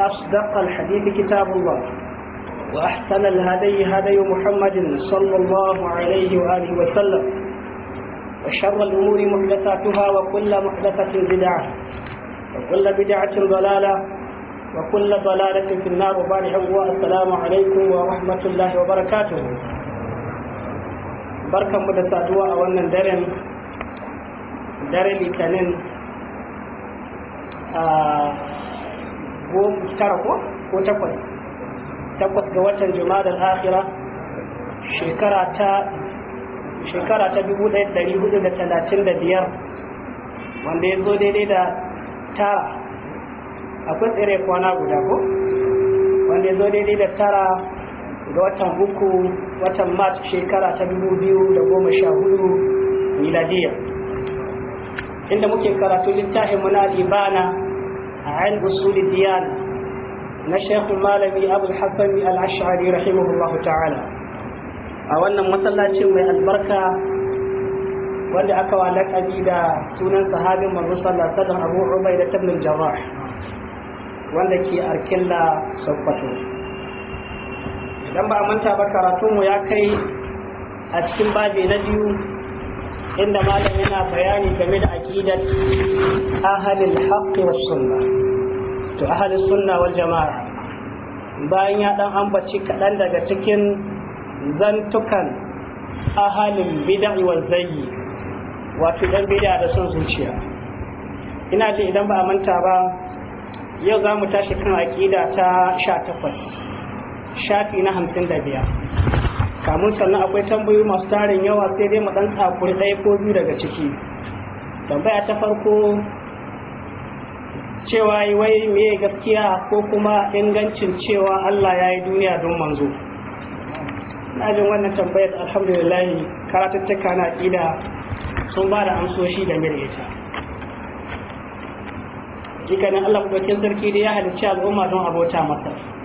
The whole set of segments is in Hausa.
أصدق الحديث كتاب الله وأحسن الهدي هدي محمد صلى الله عليه وآله وسلم وشر الأمور محدثاتها وكل محدثة بدعة وكل بدعة ضلالة وكل ضلالة في النار وبارك السلام عليكم ورحمة الله وبركاته بركة مدساتها أولا درن درن كنن آه ko tara ko ko takwas takwas ga watan jumadar akhira shekara ta shekara ta dubu ɗaya ɗari hudu da talatin da biyar wanda ya zo daidai da tara akwai tsere kwana guda ko wanda ya zo daidai da tara ga watan uku watan mat shekara ta dubu biyu da goma sha hudu miladiya. inda muke karatu littafin muna libana عن اصول الديانه na Sheikh Malami AbdulHassani al-Hassan ta'ala a masallacin mai albarka wanda aka wa laƙabi da sunan sahabin manzo sallallahu alaihi wasallam Abu Ubaida ibn Jarrah wanda ke idan ba manta ba karatun mu ya kai a cikin babi na biyu inda malam yana bayani game da aqidat ahlul haqq was sunna to ahlus sunna wal jama'a bayan ya dan ambaci kaɗan daga cikin zantukan ahalin bid'a wal zayyi wato dan bid'a da son zuciya ina ce idan ba a manta ba yau za mu tashi kan aqida ta 18 shafi na 55 kamun sannan akwai tambayoyi masu tarin yawa sai dai mu dan tsakuri ɗaya ko biyu daga ciki tambaya ta farko cewa wai meye gaskiya ko kuma ingancin cewa Allah ya yi duniya don manzo na jin wannan tambayar alhamdulillahi karatattaka na ƙida sun ba da amsoshi da mil ita jikanin Allah kubakin sarki da ya halicci al'umma don abota masa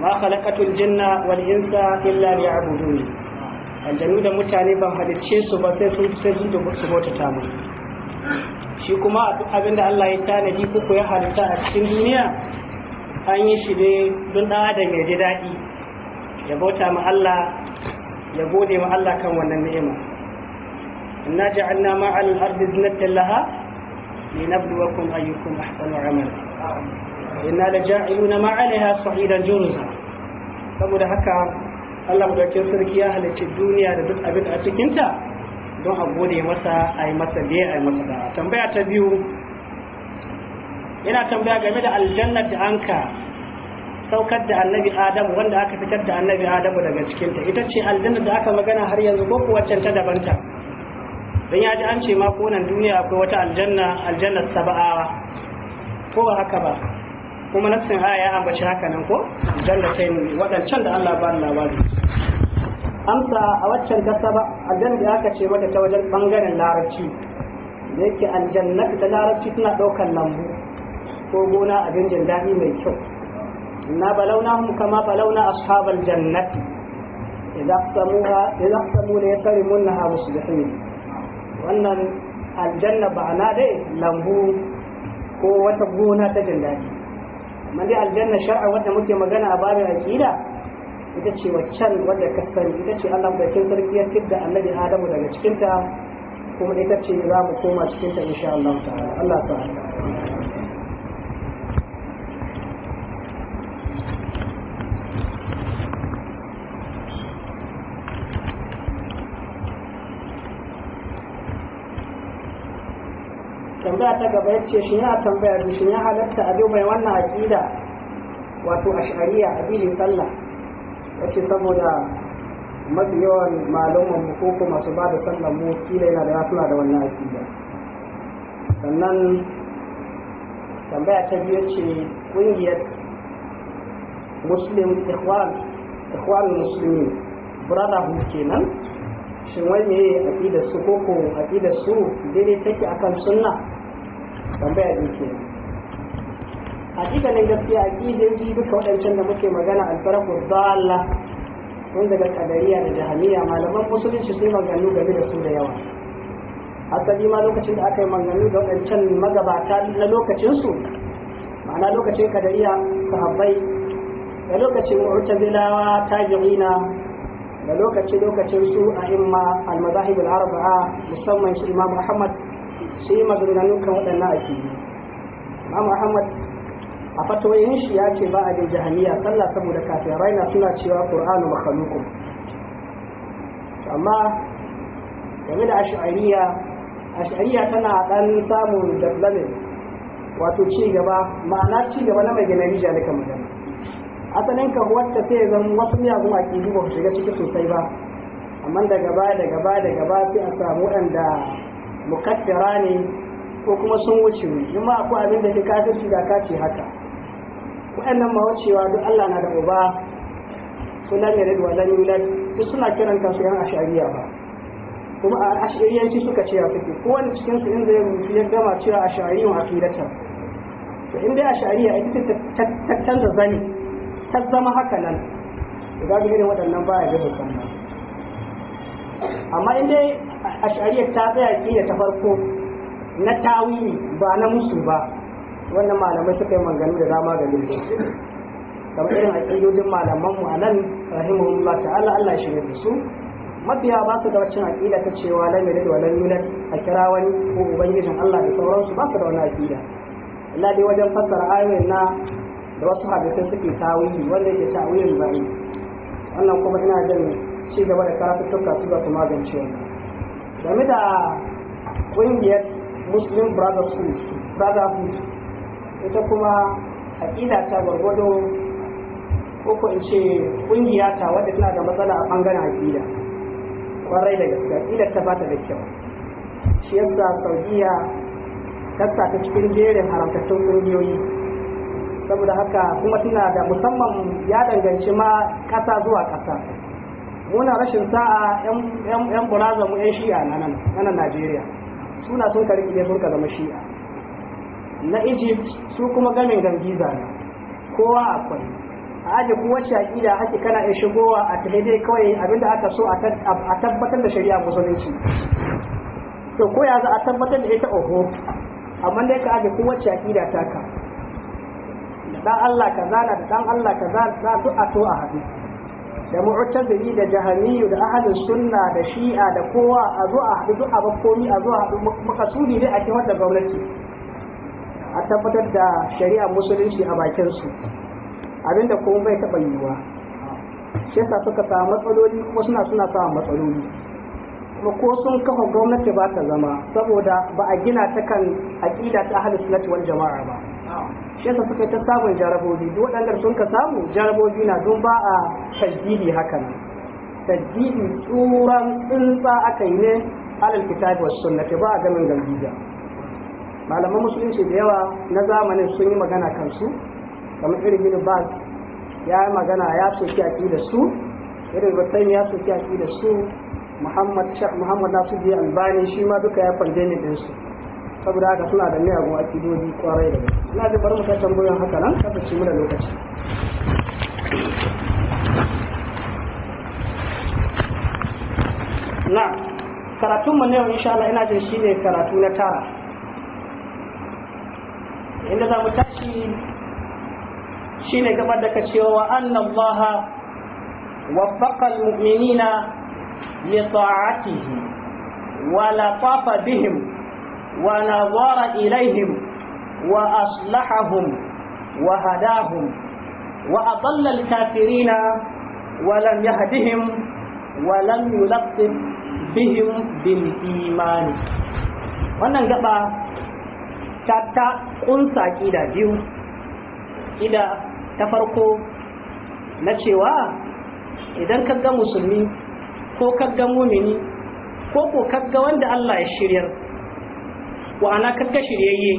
ma khalaqatul jinna wal insa illa liya'buduni da mutane ban halicce su ba sai sun sai sun su ta mu shi kuma duk abin da Allah ya tanadi kuku ya halitta a cikin duniya an yi shi ne don ɗan adam ya ji daɗi ya bauta ma Allah ya gode ma Allah kan wannan ni'ima inna ja'alna ma'al ardi zinatan laha linabluwakum ayyukum ahsanu amala inna la ja'iluna ma 'alayha sahidan jurza saboda haka Allah madaukakin sarki ya halicci duniya da duk abin a cikin ta don a gode masa a masa biye a masa da tambaya ta biyu ina tambaya game da aljanna da anka saukar da annabi adamu wanda aka fitar da annabi adamu daga cikinta ita ce aljanna da aka magana har yanzu ko kuwa can ta dabanta don ya ji an ce ma ko nan duniya akwai wata aljanna aljannar sab'a ko ba haka ba kuma nassin aya ya ambaci haka nan ko dan da sai wadancan da Allah ba labari amsa a waccan kasa ba aljanna da aka ce mata ta wajen bangaren larabci da yake aljannatu ta larabci tana daukan lambu ko gona abin jin daɗi mai kyau na balaunahum kama balauna ashabal jannati idza samuha idza samu ne yasrimunha musbihin wannan aljanna ba na dai lambu ko wata gona ta jin daɗi amma dai aljanna shar'a wadda muke magana a babin aqida ita ce waccan wadda ka sani ita ce Allah bakin sarki ya fitta annabi Adamu daga cikinta, kuma ita ce za mu koma cikinta, ta insha Allah ta'ala Allah ta'ala tambaya ta gaba ya ce shi ya tambaya da shi ya halatta a mai wannan aƙida wato shari'a a bilin sallah ce saboda mafi yawan malaman ko kuma su ba da sallan mu kila yana da yasuna da wannan aƙida sannan tambaya ta biyu ce ƙungiyar muslim ikhwan ikhwan muslimin brotherhood kenan shin wai me aqidar su ko ko aqidar su daidai take akan sunna tambaya ne ke hakikanin gaskiya a aqidoji duka waɗancan da muke magana alfaraku dalla tun daga kadariya da jahamiya malaman musulunci sun maganganu game da su da yawa asali ma lokacin da aka yi maganganu ga waɗancan magabata na lokacinsu ma'ana lokacin kadariya sahabbai da lokacin mu'tazilawa tabi'ina da lokacin su a imma al-mazahib arbaa musamman shi imam ahmad sai maganganu kan waɗannan yi? ma Ahmad a fatoyin shi ya ce ba a jin jahaniya sallah saboda kafin raina suna cewa Qur'anu makhluqun amma game da ash'ariya ash'ariya tana ɗan samun development wato ci gaba ma'ana ci gaba na mai gina rija da kamar asalin ka wata sai zan wasu miyagun akidu ba su shiga ciki sosai ba amma daga baya daga baya daga baya sai a samu waɗanda mukaddara ne ko kuma sun wuce mu in ma akwai abin da ke kafirci da ka ce haka waɗannan mahaucewa duk Allah na da uba sunan ne da lan yulad duk suna kiran kansu yan ashariya ba kuma a ashariyanci suka ce ya fiki wani cikin su in zai rubutu ya gama cewa ashariyun akidata to in dai ashariya ita ta canza zani ta zama haka nan ga irin waɗannan baya ga musamman amma inda dai shari'ar ta tsaya kila ta farko na tawili ba na musu ba wannan malamai suka yi manganu da dama ga lullu kamar irin aƙidodin malaman mu anan rahimahullah ta'ala Allah ya shirya su mafiya ba su da wacce aƙida ta cewa lan yalid da lan yulad a kira wani ko ubangijin Allah da sauransu ba su da wani aƙida Allah dai wajen fassara ayoyin na da wasu hadisai suke tawili wanda yake tawilin bai wannan kuma ina jin ci gaba da karatuttuka su ga su magance game da ƙungiyar muslim brotherhood ita kuma aƙida ta gwargwado ko ko in ce ƙungiya ta wadda tana da matsala a ɓangaren aƙida kwarai da gaske ta bata da kyau shi yasa saudiya kasa ta cikin jerin haramtattun ƙungiyoyi saboda haka kuma tana da musamman ya danganci ma ƙasa zuwa ƙasa muna rashin sa'a yan buraza mu yan shi'a na nan nan Najeriya suna sun kari ne sun zama shi'a na Egypt su kuma gamin gangiza ne kowa akwai a aje kowace aƙida ake kana ya shigowa a tahdai kawai abinda aka so a tabbatar da shari'a musulunci to ko ya za a tabbatar da ita oho amma dai ka aje kowace aƙida ta ka da ɗan Allah ka zana da dan Allah ka za duk a to a hadisi da mu'tazili da jahamiyu da ahlus sunna da shi'a da kowa a zo a haɗu duk a zo a haɗu makasudi dai a kewar gwamnati a tabbatar da shari'a musulunci a bakin su abinda kuma bai taɓa yiwuwa shi yasa suka samu matsaloli kuma suna suna samun matsaloli kuma ko sun kafa gwamnati ba ta zama saboda ba a gina ta kan aƙida ta ahlus sunnati wal jama'a ba shi yasa suka ta samun jarabobi duk waɗanda sun ka samu jarabobi na don ba a haka hakan tajjidi turan tsuntsa aka yi ne alal kitabi wasu sunnati ba a ganin galbija malaman musulunci da yawa na zamanin sun yi magana kansu kamar irin gini ba ya yi magana ya soki da su irin rutan ya soki da su muhammad shah muhammad albani shi ma duka ya kwanje ne ɗinsu. saboda haka suna da miyagun akidoji kwarai da gaske ina zai bari mu kai tambayoyin haka nan kafa ci mana lokaci na karatun mu ne insha Allah ina jin ne karatu na tara inda za mu tashi shine gabar da ka cewa anna Allah waffaqa al-mu'minina li ta'atihi wa latafa bihim ونظر إليهم وأصلحهم وهداهم وأضل الكافرين ولم يهدهم ولم يلطف بهم بالإيمان wannan gaba ta ta kunsa ƙida biyu ƙida ta farko na cewa idan ka ga musulmi ko ka ga mumini ko ko ka ga wanda Allah ya shiryar wa'ana kaga shiryayye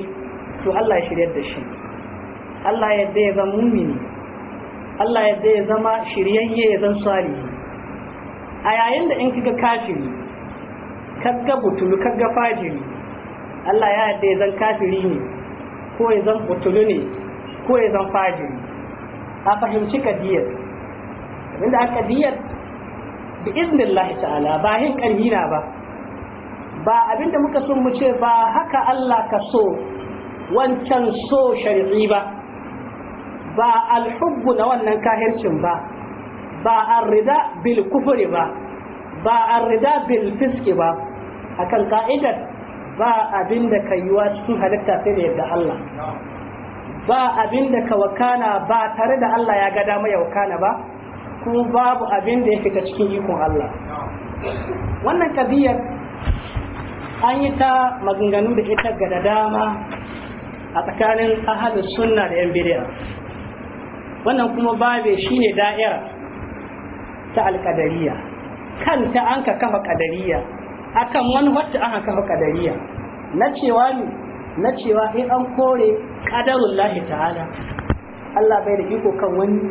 to Allah ya shiryar da shi Allah ya da ya zama mumini Allah ya da ya zama shiryayye ya zama salihi a yayin da in kaga kafiri kaga butulu kaga fajiri Allah ya da ya zama kafiri ne ko ya zama butulu ne ko ya zama fajiri a fahimci kadiyar abinda aka diyar bi iznillahi ta'ala ba hin kalmina ba ba abinda muka so mu ce ba haka Allah ka so wancan so shari'i ba ba alhubbu na wannan kahircin ba ba arrida bil kufri ba ba arrida bil fiski ba akan ka'idar ba abinda ka wa cikin halitta sai da yadda Allah ba abinda ka wakana ba tare da Allah ya ga dama ya wakana ba kuma babu abinda da ya fita cikin ikon Allah wannan kabiyar an yi ta maganganu da ita ga da dama a tsakanin ahalin sunna da yan biriya. wannan kuma babe shine da'ira ta alkadariya kanta an ka kafa kadariya akan wata an kafa kadariya na cewa ne na cewa in an kore kadarun lahi ta'ala Allah bai da iko kan wani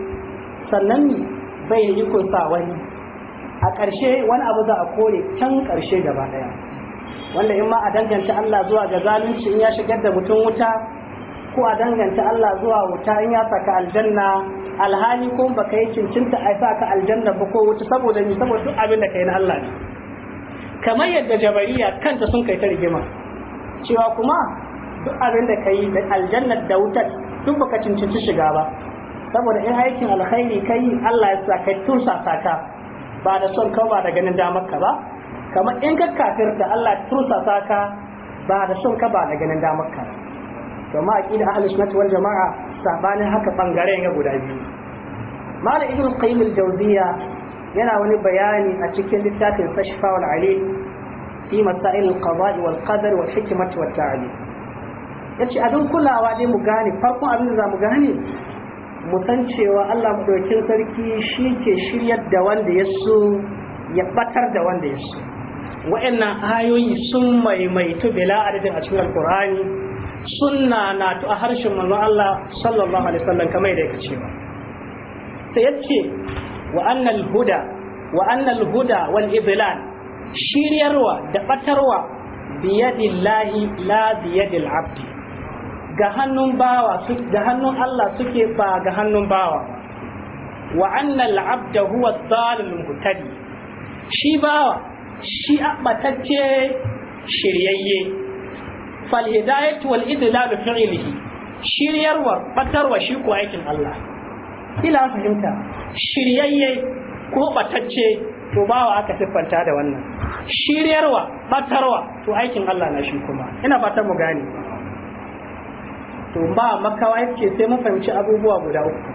sannan ne bai da iko sa wani a ƙarshe wani abu za a kore can ƙarshe gaba ɗaya wanda in ma a danganta Allah zuwa ga zalunci in ya shigar da mutum wuta ko a danganta Allah zuwa wuta in ya saka aljanna alhali ko baka yi cincinta a saka aljanna ba ko wuta saboda ni saboda duk abin da kai na Allah ne kamar yadda jabariya kanta sun kai ta rigima cewa kuma duk abin da kai da aljanna da wutar duk baka cincinci shiga ba saboda in aikin alkhairi kai Allah ya saka tursa saka ba da son kawo ba da ganin damar ka ba kamar in ka kafirta Allah tursasa ka ba da son ka ba da ganin damar ka kuma aqida ahlus sunnah wal jamaa sabanin haka bangare ga guda biyu malam ibn qayyim al-jawziya yana wani bayani a cikin littafin sashfa wal alim fi masail al-qada' wal qadar wal hikmah wal ta'lim yace abin kulawa dai mu gane farkon abin da za mu gane mu san cewa Allah mu sarki shi ke shiryar da wanda ya so ya batar da wanda ya so wa'annan ayoyi sun maimaitu bila adadin a cikin alkur'ani sunna na a harshen manzon Allah sallallahu alaihi wasallam kamar da yake cewa sai yace wa annal huda wa annal huda wal idlal shiryarwa da batarwa biyadillahi la biyadil abdi ga hannun bawa ga hannun Allah suke ba ga hannun bawa wa annal abda huwa dhalimul muhtadi shi bawa shi abbatacce shiryayye fal hidayatu wal idlal fi'lihi shiryarwa batarwa shi ko aikin Allah ila fahimta shiryayye ko batacce to bawa aka siffanta da wannan shiryarwa batarwa to aikin Allah na shi kuma ina fatan mu gane to ba makawa yake sai mun fahimci abubuwa guda uku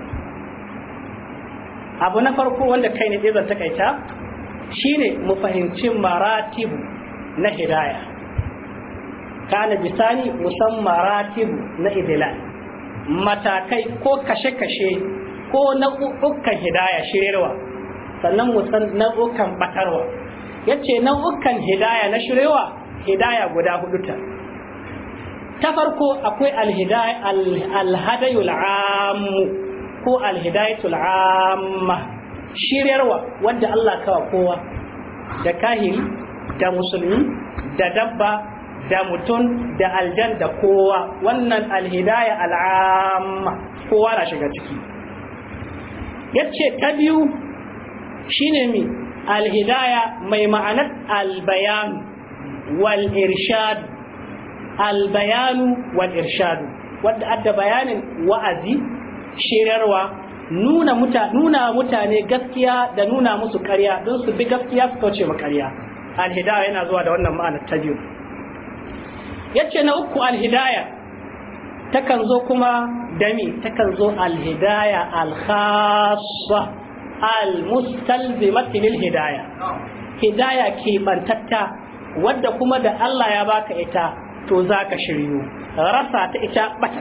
abu na farko wanda kai ne zan takaita shine mu fahimci maratibu na hidaya kana bisani musan maratibu na idila matakai ko kashe-kashe ko nau'ukan hidaya shirewa sannan musan ukan batarwa ya ce ukan hidaya na shirewa hidaya guda hudu ta ta farko akwai alhadayul ammu ko alhidayatul amma shiryarwa wanda Allah kawa kowa da kahiri da musulmi da dabba da mutum da aljan da kowa wannan alhidaya al'amma kowa na shiga ciki yace ta biyu shine mi alhidaya mai ma'anar albayan wal irshad albayanu wal irshadu wadda adda bayanin wa'azi shiryarwa. nuna mutane nuna mutane gaskiya da nuna musu ƙarya don su bi gaskiya su kauce ma ƙarya alhidaya yana zuwa da wannan ma'ana ta biyu yace na uku alhidaya takan zo kuma dami takan zo alhidaya alkhassa almustalzimati hidaya hidaya ke bantatta wadda kuma da Allah ya baka ita to zaka shiryu rasa ta ita bata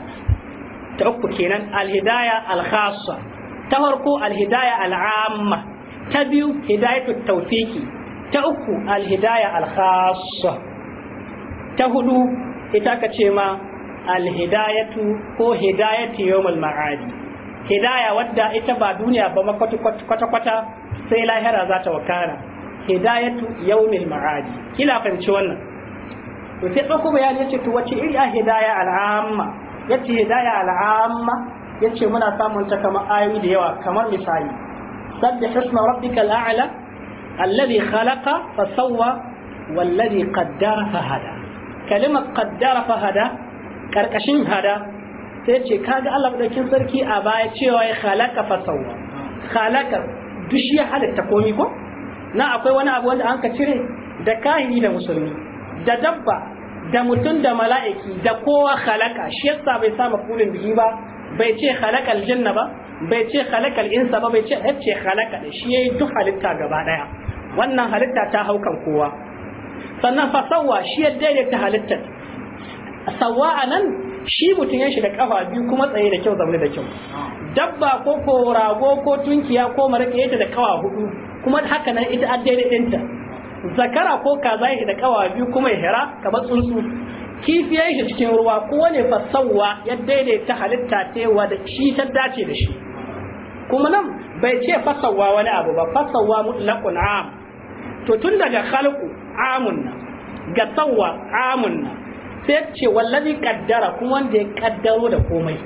ta uku kenan alhidaya alkhassa ta farko alhidaya al'amma ta biyu hidayatu tawfiki ta uku alhidaya al-khassa ta hudu ita ka ce ma alhidayatu ko hidayatu yawmul ma'adi hidaya wadda ita ba duniya ba ma kwata kwata sai lahira za ta wakana hidayatu yawmil ma'adi kila fahimci wannan to sai ɗauko bayani yace to wace iri a hidaya al'amma yace hidaya al'amma yace muna samun ta kamar ayoyi da yawa kamar misali sabbih isma rabbikal a'la alladhi khalaqa fa sawwa والذي قدر فهدى كلمة قدر فهدى karkashin hada sai ce kaga Allah madaukin sarki a baya cewa ya halaka fasawa halaka dushi ya halitta komi ko na akwai wani abu wanda an ka cire da kahini da musulmi da dabba da mutum da mala'iki da kowa halaka shi yasa bai sama kulin biki ba bai ce khalaqal janna ba bai ce khalaqal insa ba bai ce yace khalaqa shi yayi duk halitta gaba daya wannan halitta ta haukan kowa sannan fa sawwa shi ya daidaita halittar sawwa anan shi mutum ya shiga kafa biyu kuma tsaye da kyau zaune da kyau dabba ko ko rago ko tunkiya ko marƙe ta da kawa hudu kuma haka nan ita addai da zakara ko kaza ya da kawa biyu kuma ya hira kamar tsuntsu kifi shi cikin ruwa ko ne fasawa ya daidaita halitta tewa da shi ta dace da shi kuma nan bai ce fasawa wani abu ba fasawa mutlaqun am to tun daga khalqu amun ga sawwa sai ce wallazi kaddara kuma wanda ya kaddaro da komai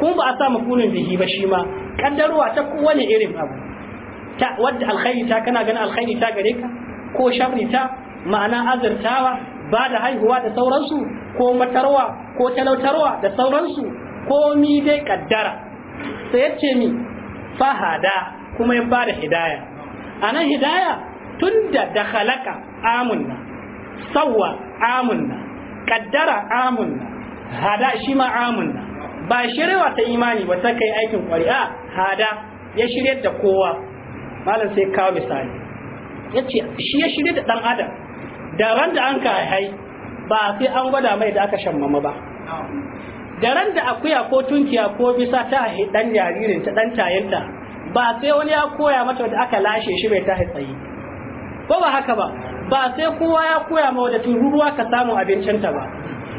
kuma ba a sa mafunin bihi ba shi ma kaddarwa ta kowane irin abu ta wadda alkhairi ta kana ganin alkhairi ta gare ka ko sharri ta ma'ana azurtawa ba da haihuwa da sauransu ko matarwa ko talautarwa da sauransu ko mi dai kaddara sai yace mi fahada kuma ya bada hidaya anan hidaya tunda da khalaka amunna sawwa amunna kaddara amunna hada shi ma amunna ba shirewa ta imani ba ta kai aikin ƙwari'a hada ya shirye da kowa malam sai kawo misali yace shi ya shirye da dan adam da ran da an ka hai ba sai an gwada mai da aka shammama ba da ran da akuya ko tunkiya ko bisa ta hai dan jaririn ta dan tayinta ba sai wani ya koya mata da aka lashe shi bai ta tsayi ko ba haka ba ba sai kowa ya koya ma da ruwa ka samu abincinta ba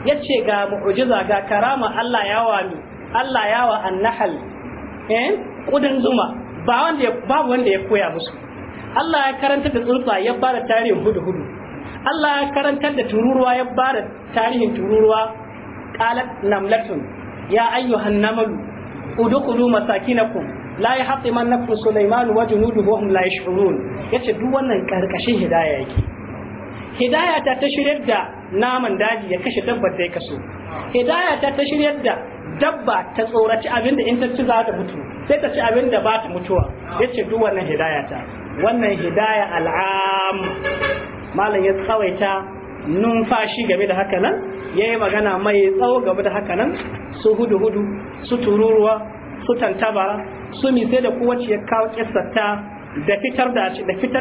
yace ga mu'jiza ga karama Allah ya ni Allah ya wa annahal eh kudin zuma ba wanda babu wanda ya koya musu Allah ya karanta da tsuntsa ya fara tarihin hudu hudu Allah ya karantar da tururuwa ya ba da tarihin tururuwa qalat namlatun ya ayyuhan namalu udkhulu masakinakum la yahtimannakum sulaiman wa junuduhu hum la yash'urun yace duk wannan karkashin hidaya yake hidaya ta ta shiryar da naman daji ya kashe dabbar da ya kaso hidaya ta ta shiryar da dabba ta tsoraci abinda in ta ci za ta mutu sai ta ci abinda ba ta mutuwa yace duk wannan hidaya ta wannan hidaya al'am malam ya tsawaita numfashi game da hakanan, ya yi magana mai tsawo game da hakanan, su hudu hudu su tururuwa su tantabara su mise da kowace ya kawo kissarta da fitar da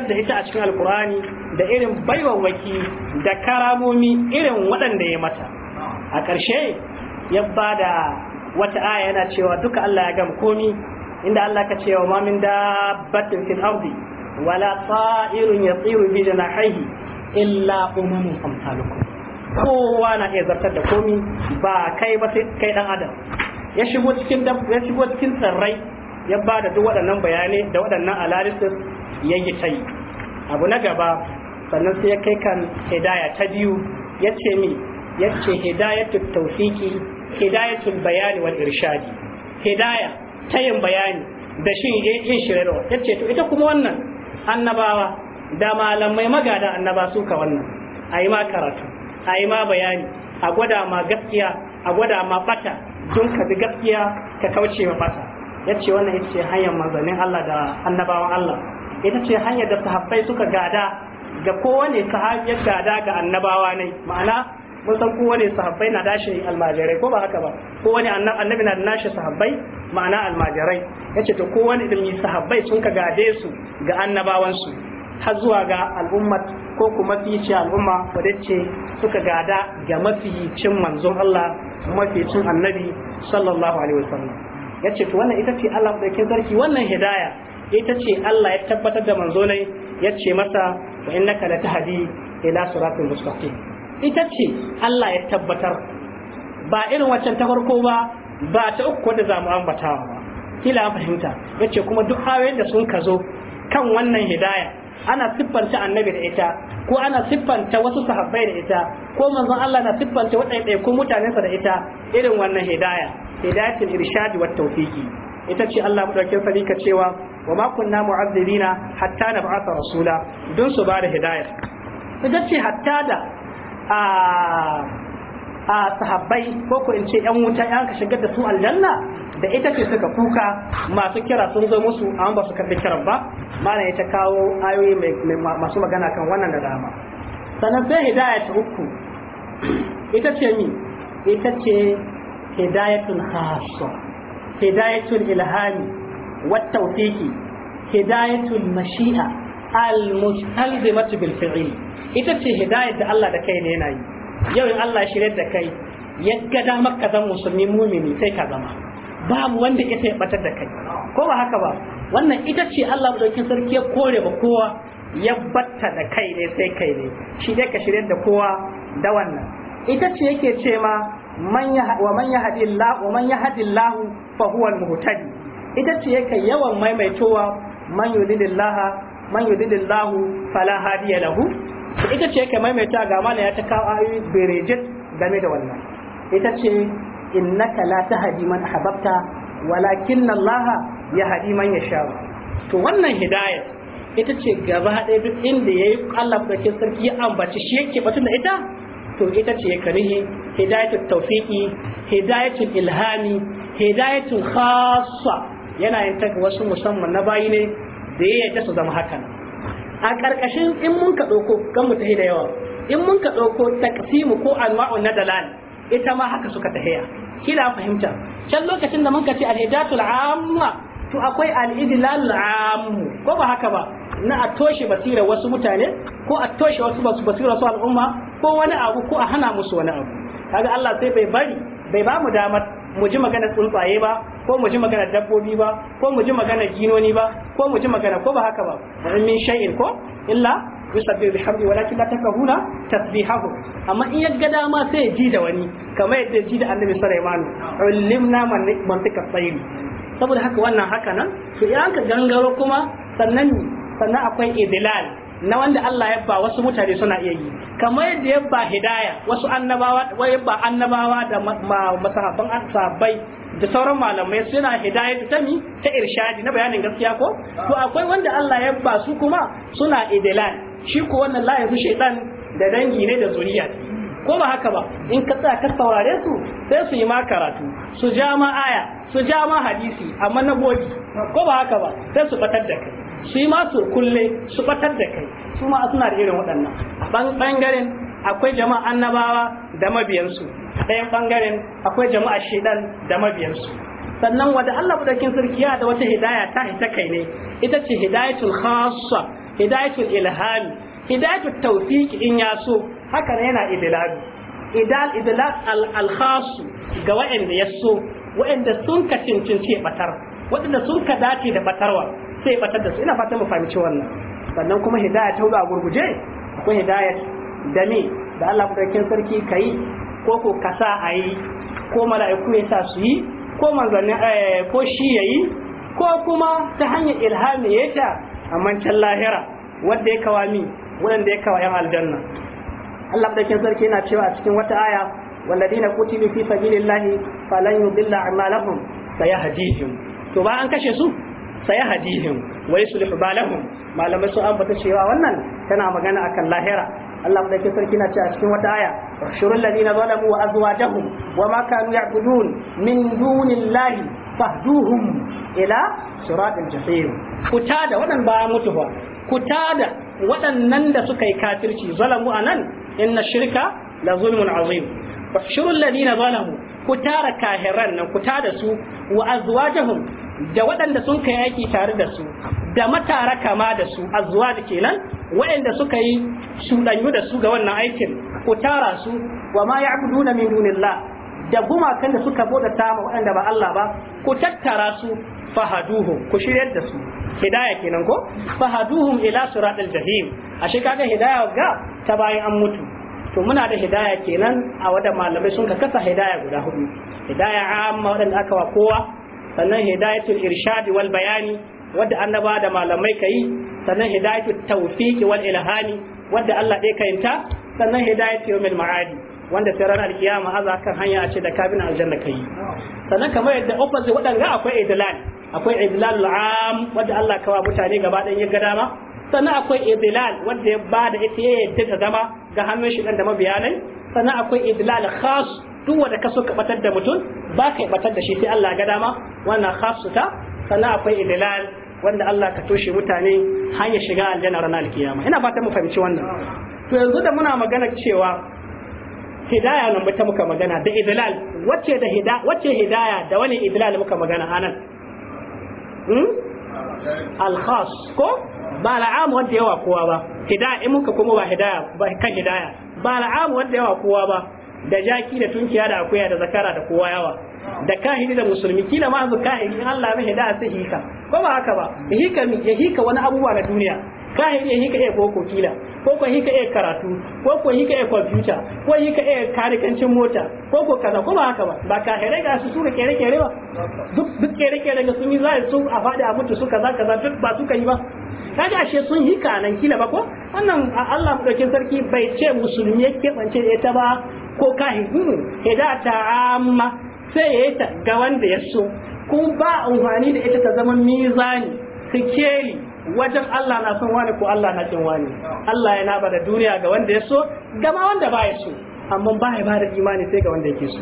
da ita a cikin alkurani da irin baiwawaki da karamomi irin waɗanda ya mata a ƙarshe ya bada wata aya yana cewa duka Allah ya gama komi inda Allah ka cewa mamin da batin fil ardi wala ta'irun yatiru bi janahihi illa umamun amsalukum kowa na iya zartar da komi ba kai ba sai kai dan adam ya shigo cikin ya shigo cikin tsirrai ya ba da duk waɗannan bayanai da waɗannan analysis ya yi ta abu na gaba sannan sai ya kai kan hidaya ta biyu ya ce mi ya ce hidayatul tawfiqi hidayatul bayani wal irshadi hidaya tayin bayani da shin yin shirarwa ya ce to ita kuma wannan annabawa da malamai magada annaba su ka wannan a yi ma karatu a yi ma bayani a gwada ma gaskiya a gwada ma bata don ka bi gaskiya ka kauce ma bata ya ce wannan ita ce hanyar manzannin Allah da annabawan Allah ita ce hanyar da sahabbai suka gada ga kowane sahabi ya gada ga annabawa ne ma'ana mun san kowane sahabbai na dashi almajirai ko ba haka ba kowane annabi na da nashi sahabbai ma'ana almajirai Ya ce to kowane ilmi sahabbai sun ka gade su ga annabawansu har zuwa ga al'umma ko kuma fice al'umma ce suka gada ga mafi cin manzon Allah mafi cin annabi sallallahu alaihi wasallam yace to wannan ita ce Allah madaukakin sarki wannan hidaya ita ce Allah ya tabbatar da manzo ne yace masa wa innaka tahdi ila siratal mustaqim ita ce Allah ya tabbatar ba irin waccan ta farko ba ba ta uku da zamu ambata ba kila fahimta yace kuma duk hawayen da sun kazo kan wannan hidaya ana siffanta annabi da ita ko ana siffanta wasu sahabbai da ita ko manzon Allah na siffanta waɗanda ko mutanensa da ita irin wannan hidaya hidayatul irshadi wat tawfiqi ita ce Allah madaukakin sarki ka cewa wa ma kunna mu'azzibina hatta nab'atha rasula don su bada hidayar ita ce hatta da a ah, a sahabbai ko ko in ce yan wuta yan ka shigar da su aljanna da ita ce suka kuka masu kira sun zo musu amma ba su karbi kiran ba mana ya ta kawo ayoyi masu magana kan wannan da dama sannan sai hidaya ta uku ita ce mi ita ce hidayatun khassa hidayatun ilhami wattaufiki, tawfiqi hidayatul mashi'a al-mustalzimatu bil fi'li ita ce hidayat da Allah da kai ne yana yi yau in Allah shirya da kai ya ga damar ka zama musulmi mumini sai ka zama babu wanda ya sai batar da kai ko ba haka ba wannan ita ce Allah madaukin sarki ya kore ba kowa ya batta da kai ne sai kai ne shi dai ka shirye da kowa da wannan ita ce yake ce ma wa man yahdi Allah wa man yahdi Allah fa huwa al-muhtadi ita ce yake yawan maimaitowa man yudillillah man fala hadiya lahu ita ce yake maimaita ga mana ya ta kawo ayoyi berejit game da wannan ita ce innaka la tahdi man ahbabta walakin Allah yahdi man yasha to wannan hidayah ita ce gaba ɗaya duk inda yayi Allah da ke sarki ya ambaci shi yake batun da ita to ita ce karihi hidayatul tawfiqi hidayatul ilhami hidayatul khassa yana yin ta wasu musamman na bayi ne da yayi ta su zama hakan a ƙarƙashin in mun ka ɗauko kan mu tahi da yawa in mun ka ɗauko taqsimu ko anwa'u na dalal ita ma haka suka tahiya kila fahimta can lokacin da mun ka ce al-hidatul amma to akwai al-idlal ko ba haka ba na a toshe basira wasu mutane ko a toshe wasu basira wasu al'umma ko wani abu ko a hana musu wani abu kaga Allah sai bai bari bai ba mu damar mu ji maganar tsuntsaye ba ko mu ji magana dabbobi ba ko mu ji magana ginoni ba ko mu ji magana ko ba haka ba min shay'in ko illa yusabbihu bihamdi walakin la takahuna tasbihahu amma in yaga dama sai ji da wani kamar yadda ji da annabi Sulaiman ulimna man mantika sayyid saboda haka wannan haka nan to idan ka gangaro kuma sannan sannan akwai idlal na wanda Allah ya ba wasu mutane suna iya yi kamar yadda ya ba hidaya wasu annabawa wa ya ba annabawa da masahafan sahabbai da sauran malamai suna hidaya ta mi ta irshadi na bayanin gaskiya ko to akwai wanda Allah ya ba su kuma suna idilan shi ko wannan la yazu shaytan da dangi ne da zuriya ko ba haka ba in ka tsaya ka saurare su sai su yi ma karatu su ja ma aya su ja ma hadisi amma na bogi ko ba haka ba sai su fatar da kai su ma masu kulle su batar da kai su ma suna da irin waɗannan A ɓangaren akwai jama'a annabawa da mabiyansu a ɗayan ɓangaren akwai jama'a shidan da mabiyansu sannan wanda Allah budakin sarki ya da wata hidaya ta ta kai ne ita ce hidayatul khassa hidayatul ilhami hidayatul tawfiq in ya so haka ne yana idlal idal idlal al khass ga wa'anda ya so wa'anda sun ka ce batar waɗanda sun ka dace da batarwa sai ya da su ina fatan mu fahimci wannan sannan kuma hidaya ta a gurguje akwai hidaya da me da Allah ku kudakin sarki kai ko ko kasa ayi ko mala'iku ya sa su yi ko manzanni eh, ko shi yayi ko kuma ta hanyar ilhami ya ta amma can lahira wanda ya kawa mi wanda ya kawa yan aljanna Allah kudakin sarki yana cewa a cikin wata aya walladina قتلوا fi sabilillahi falan yudilla a'malahum sayahdihim to ba an kashe su sai hadihim wa yuslihu balahum malamai sun ambata cewa wannan tana magana akan lahira Allah mai sarki na ce a cikin wata aya shurul ladina zalamu wa azwajahum wa ma kanu ya'budun min dunillahi fahduhum ila siratil jahim kuta da wadan ba mutu ba kuta da waɗannan da suka yi kafirci zalamu anan inna shirka la zulmun azim shurul ladina zalamu ku tara kahiran nan ku tada su wa azwajahum da waɗanda sun ka yaƙi tare da su da matara kama da su zuwa da kenan waɗanda suka yi shuɗanyu da su ga wannan aikin ku tara su wa ma ya'buduna min dunillah da gumakan da suka bude ta ma waɗanda ba Allah ba ku tattara su fahaduhu ku shiryar da su hidaya kenan ko fahaduhum ila siratal jahim ashe kaga hidaya ga ta bayan an mutu to muna da hidaya kenan a wada malamai sun ka kasa hidaya guda hudu hidaya amma waɗanda aka wa kowa sannan hidayatul Irshadi wal bayani wadda annaba da malamai kai sannan hidayatul tawfiq wal ilhami wadda Allah dai kayinta sannan hidayatul yawmil ma'adi wanda sai ranar kiyama haza kan hanya a ce da kabin aljanna kai sannan kamar yadda opposite wadanga akwai idlal akwai idlal am wadda Allah kawa mutane gaba ɗayan ya ga dama sannan akwai idlal wanda ya ba da ita ya yadda ta zama ga hannun shi da mabiyanai sannan akwai idlal khas duk wanda ka ka batar da mutum ba ka batar da shi sai Allah ga dama wannan khassuta sannan akwai idlal wanda Allah ka toshe mutane hanya shiga aljanna ranar alkiyama ina fata mu fahimci wannan to yanzu da muna magana cewa hidaya nan ta muka magana da idlal wacce da hida wacce hidaya da wani idlal muka magana anan hmm al khas ko ba al'amu wanda yawa kowa ba hidaya in muka komo ba hidaya ba kan hidaya ba al'amu wanda yawa kowa ba da jaki da tunkiya da akuya da zakara da kowa yawa da kahiri da musulmi kila ma su kahiri in Allah mai da sai hika ko ba haka ba hika mi ya hika wani abubuwa na duniya kahiri ya hika eh boko kila ko ko hika eh karatu ko ko hika eh computer ko hika eh karikancin mota ko ko kaza ko ba haka ba ba kahire ga su su kere kere ba duk duk kere kere ga sun yi za su a fada a mutu su kaza kaza duk ba su yi ba kada ashe sun yi kanan kila ba ko wannan Allah madaukin sarki bai ce musulmi ya keɓance ita ba ko kahin hmm, hidaya ta amma sai ya ta ga wanda ya so ba amfani da ita ta zama mizani sikeli wajen Allah na son wani ko Allah na kin wani Allah yana bada duniya ga wanda ya so gama wanda ba ya so amma ba ya bada imani sai ga wanda yake so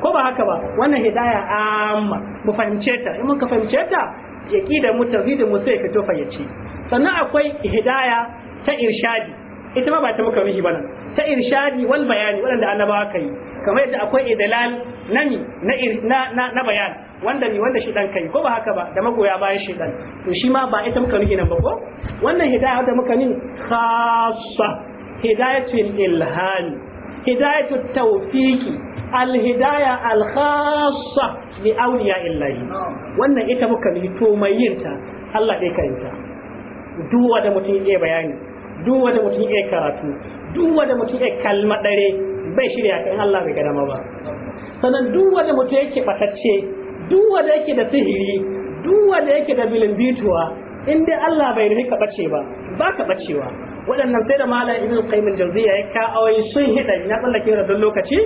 ko ba haka ba wannan hidaya amma mu fahimce ta in muka fahimce ta yaki da mu da mu sai ka to sannan akwai hidaya ta irshadi ita ma ba ta muka mishi bana ta irshadi wal bayani waɗanda annabawa ka yi kamar yadda akwai idlal na mi na na na bayan wanda mi wanda shi dan kai ko ba haka ba da magoya bayan shi dan to shi ma ba ita muka nufi nan ba ko wannan hidaya da muka nin khassa hidayatul ilhami hidayatul tawfiqi al hidaya al khassa li awliya illahi wannan ita muka nufi to mai yinta Allah dai ka yinta duk wanda mutum ya bayani duk wanda mutum ya karatu duk wanda mutum ya kalma dare bai shirya kan Allah bai gada ba sannan duk wanda mutum yake fatacce duk wanda yake da sihiri duk wanda yake da bilimbituwa in dai Allah bai rika bace ba ba ka bacewa waɗannan sai da malam ibn qayyim al-jawziya ya awai sun hida ina tsallake da don lokaci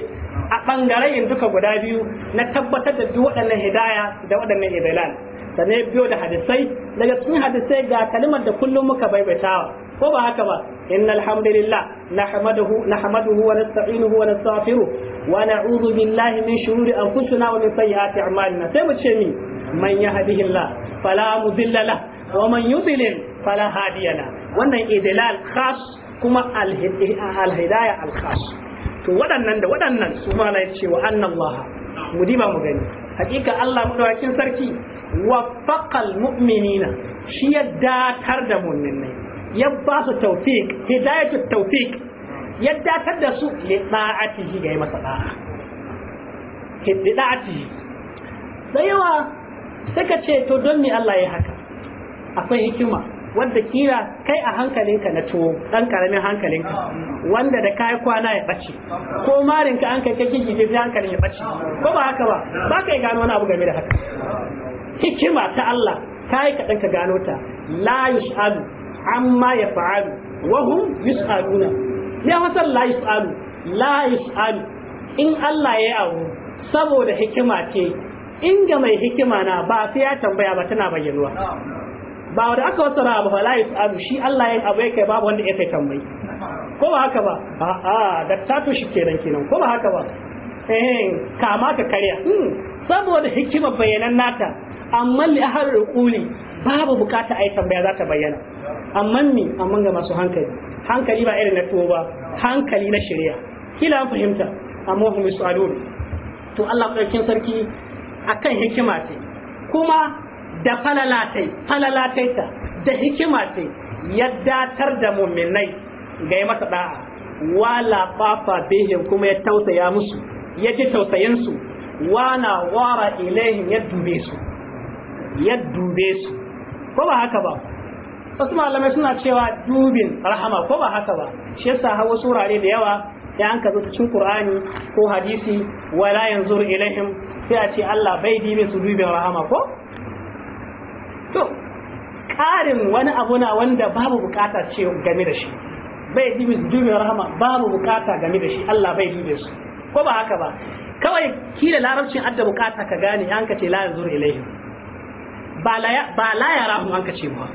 a bangaren duka guda biyu na tabbatar da duk waɗannan hidaya da waɗannan ibilal. sannan biyo da hadisai daga cikin hadisai ga kalimar da kullum muka bai baibaitawa ko ba haka ba innal hamdalillah nahmaduhu nahmaduhu wa nasta'inuhu wa nastaghfiruh wa na'udhu billahi min shururi anfusina wa min sayyiati a'malina sai mu ce mi man yahdihillah fala mudilla lah wa man yudlil fala hadiya lah wannan idlal khas kuma al-hidayah al to waɗannan da waɗannan su ma na ce wa annallaha mu diba mu gani hakika Allah madawakin sarki waffaqal mu'minina shi ya datar da mu'minai ya ba su tawfiq hidayatu tawfiq ya datar da su li da'atihi ga masa da'a da'atihi da yawa ka ce to don me Allah ya haka akwai hikima wanda kila kai a hankalinka na tuwo ɗan ƙaramin hankalinka wanda da kai kwana ya ɓace, ko marinka an kai kake gije hankalin ya ɓace. ko ba haka ba ba ka yi gano wani abu game da haka hikima ta Allah ka yi kaɗan ka gano ta la yusalu amma ya fa'alu wa hum yusaluna ya wasan la yusalu la yusalu in Allah ya yi abu saboda hikima ce inga mai hikima na ba sai ya tambaya ba tana bayyanuwa ba wanda aka wasara ba su azu shi Allah yin abu yake babu wanda kai tambayi ko ba haka ba a a da tato shi kenan kenan ko ba haka ba eh kama ka karya hmm, saboda hikima bayanan nata amma li ahar quli babu bukata ai tambaya za ta bayyana amma ni amma ga masu hankali hankali ba irin na tuwo ba hankali na shari'a kila fahimta amma hum yusalun to Allah madaukin sarki akan hikima ce kuma da falalatai falalatai ta da hikima ta ya datar da muminai ga yi masa da'a wala fafa bihin kuma ya tausaya musu ya ji tausayin su wana wara ilaihin ya dube su ya dube su ko ba haka ba wasu malamai suna cewa dubin rahama ko ba haka ba shi yasa hawa surare da yawa ya an kazo cikin Qur'ani ko hadisi wala yanzur ilaihim sai a ce Allah bai dibe su dubin rahama ko to karin wani abu na wanda babu bukata ce game da shi bai dubi dubin rahama babu bukata game da shi Allah bai dube su ko ba haka ba kawai kila larabcin adda bukata ka gane an ka ce la yanzur ilaihim ba la ba la yarahum an ka ce ba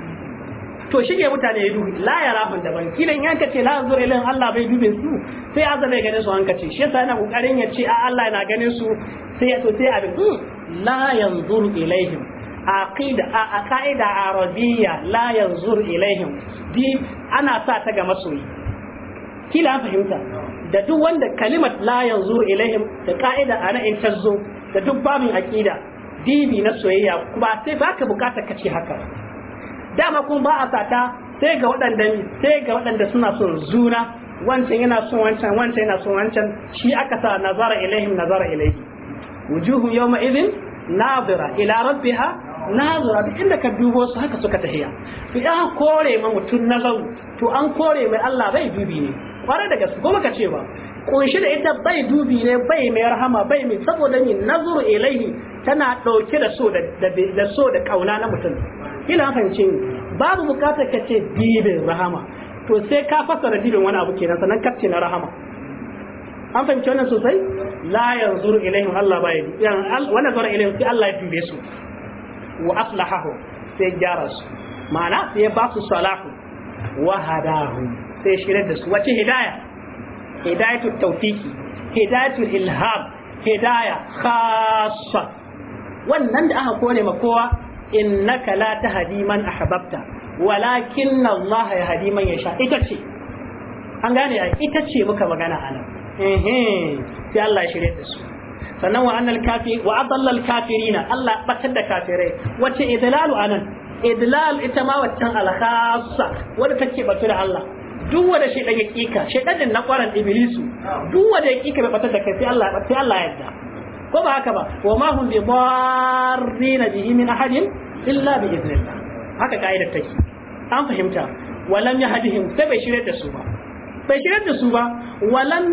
to shige mutane ya dubi la yarahum daban kila in an ka ce la yanzur ilaihim Allah bai dube su sai azaba ya gane su an ka ce shi yasa yana kokarin ya ce a Allah yana ganin su sai ya to sai abin hmm, la yanzur ilaihim aqida a aqaida arabiyya la yanzur ilaihim di ana sa ta ga masoyi kila an fahimta da duk wanda kalimat la yanzur ilaihim da ka'ida ana in tazo da duk babin aqida dibi na soyayya kuma sai baka bukata ka ce haka dama kuma ba a sata sai ga waɗanda sai ga waɗanda suna son zuna wancan yana son wancan wancan yana son wancan shi aka sa nazara ilaihim nazara ilaihi wujuhum yawma idhin nadira ila rabbiha Na zura duk inda ka dubo su haka suka tahiya to ya kore ma na nazaru to an kore mai Allah bai dubi ne kware da gaske goma ka ce ba kunshi da ita bai dubi ne bai mai rahama bai mai saboda ni nazuru ilaihi tana dauke da so da da so da kauna na mutum kila fahimci babu bukata ka ce dibin rahama to sai ka fassara dibin wani abu kenan sannan ka ce na rahama an fahimci wannan sosai la yanzuru ilaihim Allah bai ya wannan zura ilaihim sai Allah ya dube su wa aslahahu sai gyara su ma'ana sai ya ba su salahu wa hadahu sai shirya da su wace hidaya hidayatu tawfiki hidayatu ilham hidaya khassa wannan da aka kore ma kowa innaka la tahdi man ahbabta walakin Allah ya man yasha ita ce an gane ita ce muka magana anan eh eh sai Allah ya shirye da su sannan wa annal kafi wa adalla al kafirina Allah batar da kafirai wace idlalu anan idlal ita ma waccan al khassa wanda take batu da Allah duk wanda shi dan kika shi dan na kwaran iblisu duk wanda ya kika bai batar da kai sai Allah sai Allah ya yadda ko ba haka ba wa ma hum bi darrina bihi min ahadin illa bi idnillah haka kaidar take an fahimta walam yahdihim sai bai shirye da su ba bai shirye da su ba walam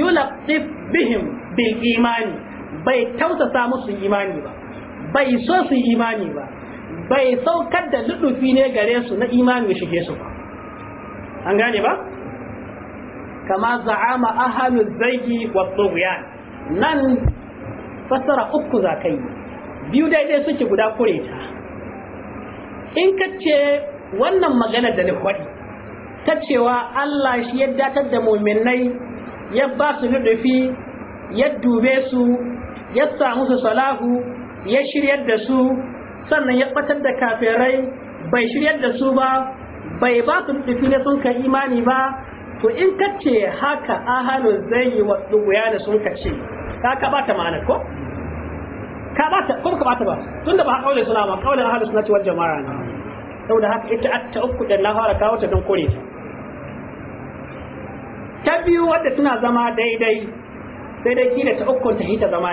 yulaqif bihim bil imani bai tausasa musu imani ba bai so su imani ba bai saukar da ludufi ne gare su na imani ya shige su ba an gane ba kama za'ama ahalul zaiki wa tughyan nan fasara uku za ka yi biyu daidai suke guda kure ta in ka ce wannan maganar da ni ta cewa Allah shi ya datar da muminai ya ba su ludufi ya dube su ya samu su salahu ya shiryar da su sannan ya batar da kafirai bai shiryar da su ba bai ba su nufi na sun ka imani ba to in kace haka ahalu zai wa duguya da sun kace ka ka ba ta ma'ana ko ka ba ta ko ka ba ta ba tunda ba kaule suna ba kaule ahalu sunnati wajen jama'a na. saboda haka ita ta uku da na fara kawo ta don kore ta ta biyu wadda tana zama daidai sai dai kila ta ukun ta hita zama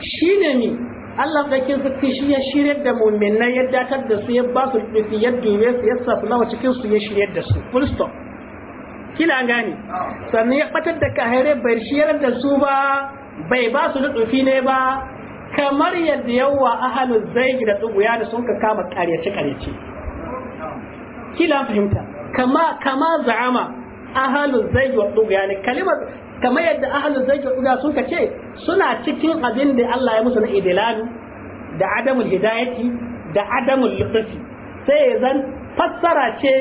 Shi ne mi Allah sarkin sarki shi ya shiryar da mu'minai ya datar da su ya ba su rufi ya dube su ya sa fulawa cikin su ya shiryar da su full stop kila gani sannan ya batar da kahire bai shiryar da su ba bai ba su rufi ne ba kamar yadda yawa ahalin zaigi da tsuguya da sun ka kama karyace karyace kila fahimta kama kama za'ama ahalin zaigi wa tsuguya ne kalimar kamar yadda ahlul zaki wa sun ka ce suna cikin abin da Allah ya musu na idilalu da adamul hidayati da adamul lutfi sai ya zan fassara ce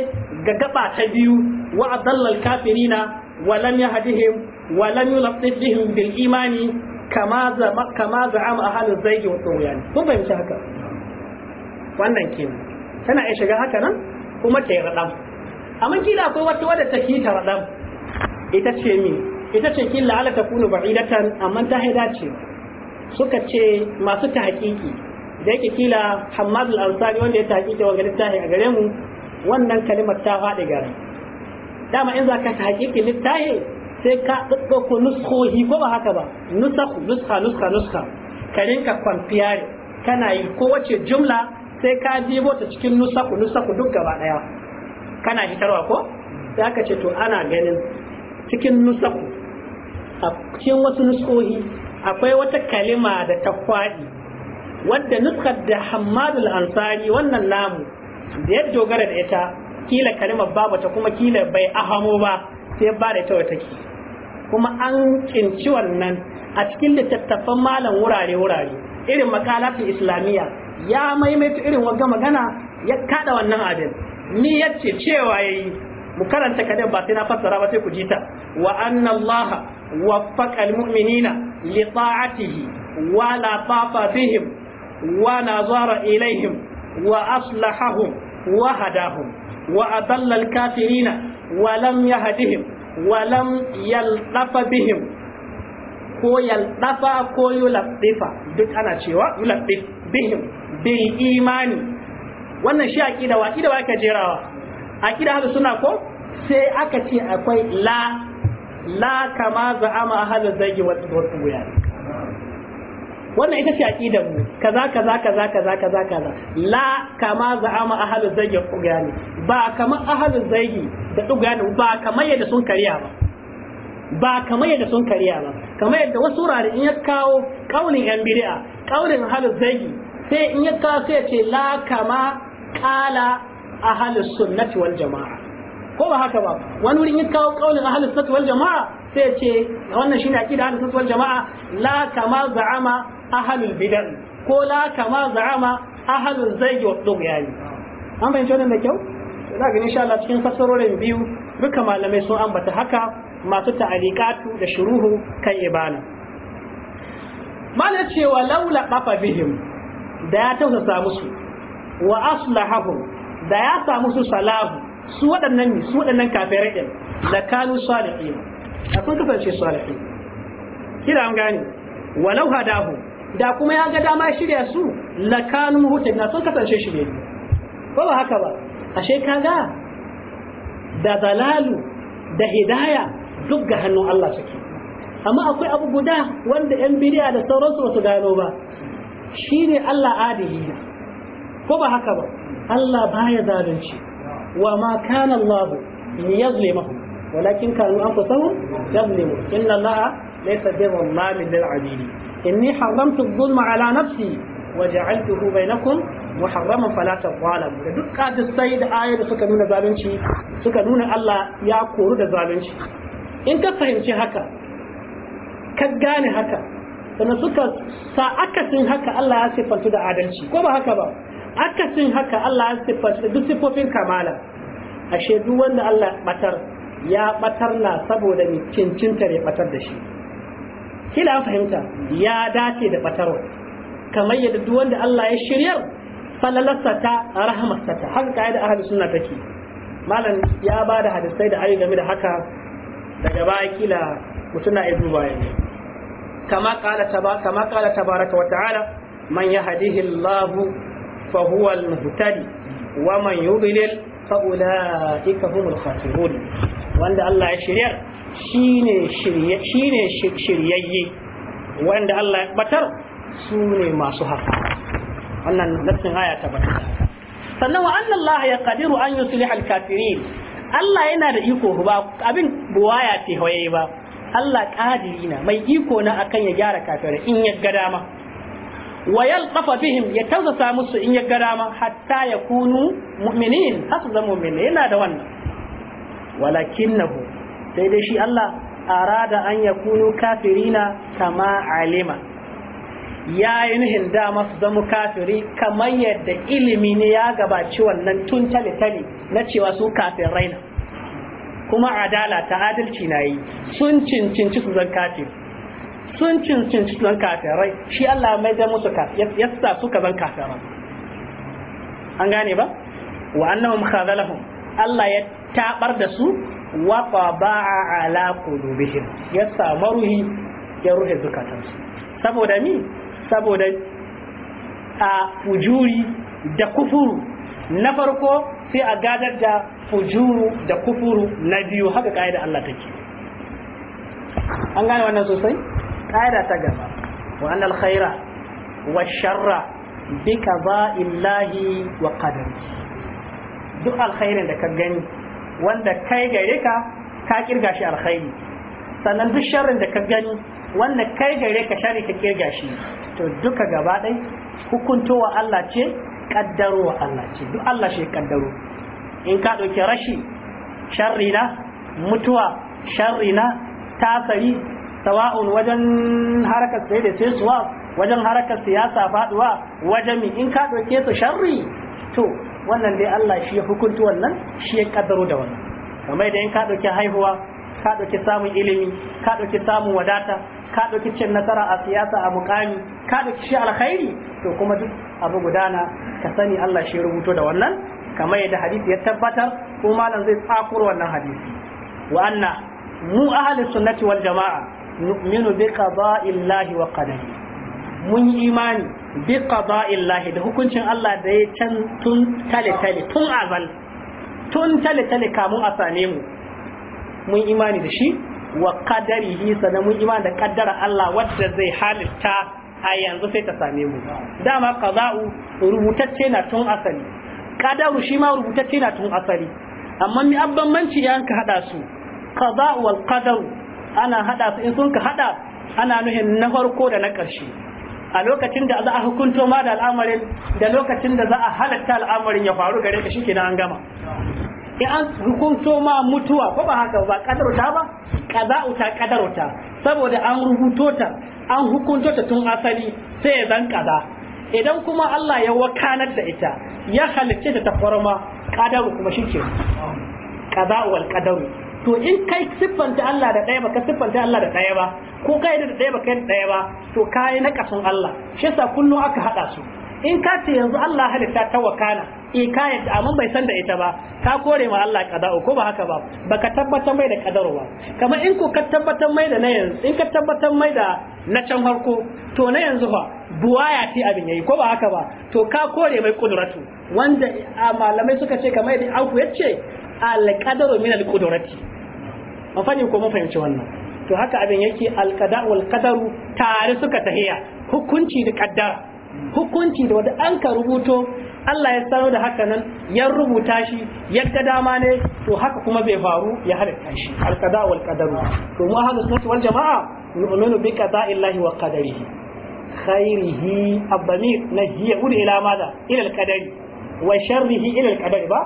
ga gaba ta biyu wa adallal kafirina wa lam yahdihim wa lam yulatifihim bil imani kama za kama za am ahlul zaki wa kun fahimci haka wannan kenan tana iya shiga haka nan kuma ta yi radam amma kila akwai wata wadda take ta radam ita ce mi ita ce kila ala ta kunu ba'idatan amma ta haida ce suka ce masu ta hakiki da yake kila hamadu al-ansari wanda ya ta hakiki wa gari tahi a gare mu wannan kalimar ta faɗi gare dama in za ka ta hakiki littahi sai ka ɗaɗɗauko nuskohi ko ba haka ba nusaku nuska nuska nuska ka rinka kwamfiyari kana yi kowace jumla sai ka jibo ta cikin nusaku nusaku duk gaba ɗaya kana hitarwa ko sai aka ce to ana ganin cikin nusaku a cikin wasu nuskohi akwai wata kalima da ta kwaɗi wadda nuskar da hamadul ansari wannan namu da ya dogara da ita kila kalima babu ta kuma kila bai ahamo ba sai ba da ita wata ke kuma an kinci wannan a cikin littattafan malam wurare-wurare irin makalafin islamiyya ya maimaita irin wanga magana ya kada wannan abin ni yace cewa yayi mu karanta kadai ba sai na fassara ba sai ku ji ta wa anna allaha وفق المؤمنين لطاعته ولطاف بهم ونظر إليهم وأصلحهم وهداهم وأضل الكافرين ولم يهدهم ولم يلطف بهم ko yaldafa ko yulaffifa duk ana cewa yulaffif bihim bil imani wannan shi aqida wa aqida wa aka jerawa aqida haka suna ko sai aka ce akwai la la kama za'ama ahlul zayyi wasu wuya wannan ita ce ƙidan mu kaza kaza kaza kaza kaza kaza la kama ma'ahalar zagi wasu wuya ne ba kama ahalar zagi da tuwiyan ba kama yadda sun kariya ba ba kama yadda sun kariya ba kamar yadda wasu wurare in ya kawo ƙaunin yan biri'a, ƙaunin halin zagi sai in ya kawo sai ce la kama ƙala ahalar sunnati wal jama'a ko ba haka ba wani wurin yin kawo kaulin ahlus sunnah wal jamaa sai ya ce wannan shine akida ahlus sunnah wal jamaa la kama za'ama ahlul bid'ah ko la kama za'ama ahlul zayg wa dughyani an bayyana wannan da kyau za ga insha Allah cikin fassarorin biyu duka malamai sun ambata haka masu ta'alikatu da shuruhu kan ibana mana cewa laula bafa bihim da ya tausasa musu wa aslahahum da ya samu su salahu su waɗannan ne su waɗannan kafirai din da kanu salihin da sun kasance salihin kira an gane walau hadahu da kuma ya ga dama shirya su la kanu na sun kasance shirye ko ba haka ba ashe kaga da zalalu da hidaya duk ga hannun Allah suke amma akwai abu guda wanda yan bidiya da sauransu ba su gano ba shine Allah adihi ko ba haka ba Allah baya zalunci وما كان الله ليظلمهم ولكن كانوا أنفسهم يظلمون إن الله ليس بظلام للعبيد إني حرمت الظلم على نفسي وجعلته بينكم محرما فلا تظالموا da duk kadin da aya da suka nuna zalunci suka nuna Allah ya koru da zalunci in ka fahimci haka ka gane haka sannan suka sa akasin haka Allah ya sifantu da adalci ko ba haka ba akasin haka Allah ya siffanta duk siffofin kamala ashe duk wanda Allah batar ya batar na saboda ni cincinta ya batar da shi kila fahimta ya dace da batar kamar yadda duk wanda Allah ya shiryar falalarsa ta rahamarsa ta haka kaida ahli sunna take malam ya ba da hadisai da ayi game da haka daga baya kila mutuna ibnu bayan kama kama kala tabaraka wa ta'ala man yahdihi Allahu فهو المهتدي ومن يضلل فأولئك هم الخاسرون وأن الله يشريع شيني شريع شيني شريعي وأن الله سوني ما سهر آية sannan wa Allah ya qadiru an yuslih al-kafirin Allah yana da iko ba abin buwaya ce hoye ba Allah kadiri na mai iko na akan ya gyara kafirai in ya ga dama wa yalqafa bihim ya tausasa musu in ya ga dama hatta yakunu mu'minin hasu zama mu'mini yana da wannan walakinnahu sai dai shi Allah arada an yakunu kafirina kama alima ya yi hinda dama su zama kafiri kamar yadda ilimi ne ya gabaci wannan tun tale-tale na cewa su kafin raina kuma adala ta adalci na yi sun cincinci su zan kafiri sun cin cin cikin kafirai shi Allah mai zai musu yasa suka zan kafirai an gane ba wa annahum khadalahum Allah ya tabar da su wa taba'a ala qulubihim yasa maruhi ya ruhe zukatansu saboda ni saboda a fujuri da kufuru na farko sai a gadar da fujuru da kufuru na biyu haka ka'ida Allah take an gane wannan sosai kaida ta gaba wa annal khaira wa sharra bi qada'illahi wa qadari duk alkhairin da ka gani wanda kai gare ka ka kirga shi alkhairi sannan duk sharrin da ka gani wanda kai gare ka shari ka kirga shi to duka gaba hukuntowa Allah ce kaddaro wa Allah ce duk Allah shi kaddaro in ka ɗauki rashi sharri na mutuwa sharri na tasari sawa'un wajen harkar sai da sai suwa wajen harkar siyasa faduwa wajen mi in ka doke su sharri to wannan dai Allah shi ya hukunta wannan shi ya kaddaro da wannan kamar da in ka doke haihuwa ka doke samun ilimi ka doke samun wadata ka doke cin nasara a siyasa a mukami ka doke shi alkhairi to kuma duk abu gudana ka sani Allah shi ya rubuto da wannan kamar yadda hadisi ya tabbatar ko malam zai tsakuro wannan hadisi wa anna mu ahli sunnati wal jama'a nu'minu bi qada'illahi wa qadari mun yi imani bi qada'illahi da hukuncin Allah da ya can tun tale tale tun azal tun tale tale kamun a same mu mun imani da shi wa qadarihi sanan mun imani da kaddara Allah wadda zai halitta a yanzu sai ta same mu dama qada'u rubutacce na tun asali qadaru shi ma rubutacce na tun asali amma mi abban manci yanka hada su qada'u wal qadaru ana hada su in sun ka hada ana nuhin na farko da na ƙarshe a lokacin da za a hukunto ma da al'amarin da lokacin da za a halatta al'amarin ya faru gare ka shike na an gama in an hukunto ma mutuwa ko ba haka ba kadarta ba kaza'u ta kadarta saboda an rubuto ta an hukunto ta tun asali sai ya zan kaza idan kuma Allah ya wakanar da ita ya halicce ta ta forma kadaru kuma shike kaza'u wal kadaru to in kai siffanta Allah da ɗaya ba ka siffanta Allah da ɗaya ba ko kai da ɗaya ba kai da ɗaya ba to kai na kasan Allah shi yasa kullum aka hada su in ka ce yanzu Allah halitta ta wakana e ka da amma bai san da ita ba ka kore ma Allah kada'u ko ba haka ba baka tabbatar mai da kadaro ba kamar in ko ka tabbatar mai da na yanzu in ka tabbatar mai da na can harko to na yanzu fa buwaya ce abin yayi ko ba haka ba to ka kore mai kudratu wanda malamai suka ce kamar da aku yace al qadaru min al qudrati mafani ko mun fahimci wannan to haka abin yake alkada wal qadaru tare suka tahiya hukunci da kaddara hukunci da wanda an ka rubuto Allah ya sano da haka nan ya rubuta shi yadda dama ne to haka kuma bai faru ya halitta shi alkada wal qadaru to mu ahlus sunnati wal jamaa nu'minu bi qada'illahi wa qadarihi khairihi abamir nahiya ud ila madha ila al qadari wa sharrihi ila al qadari ba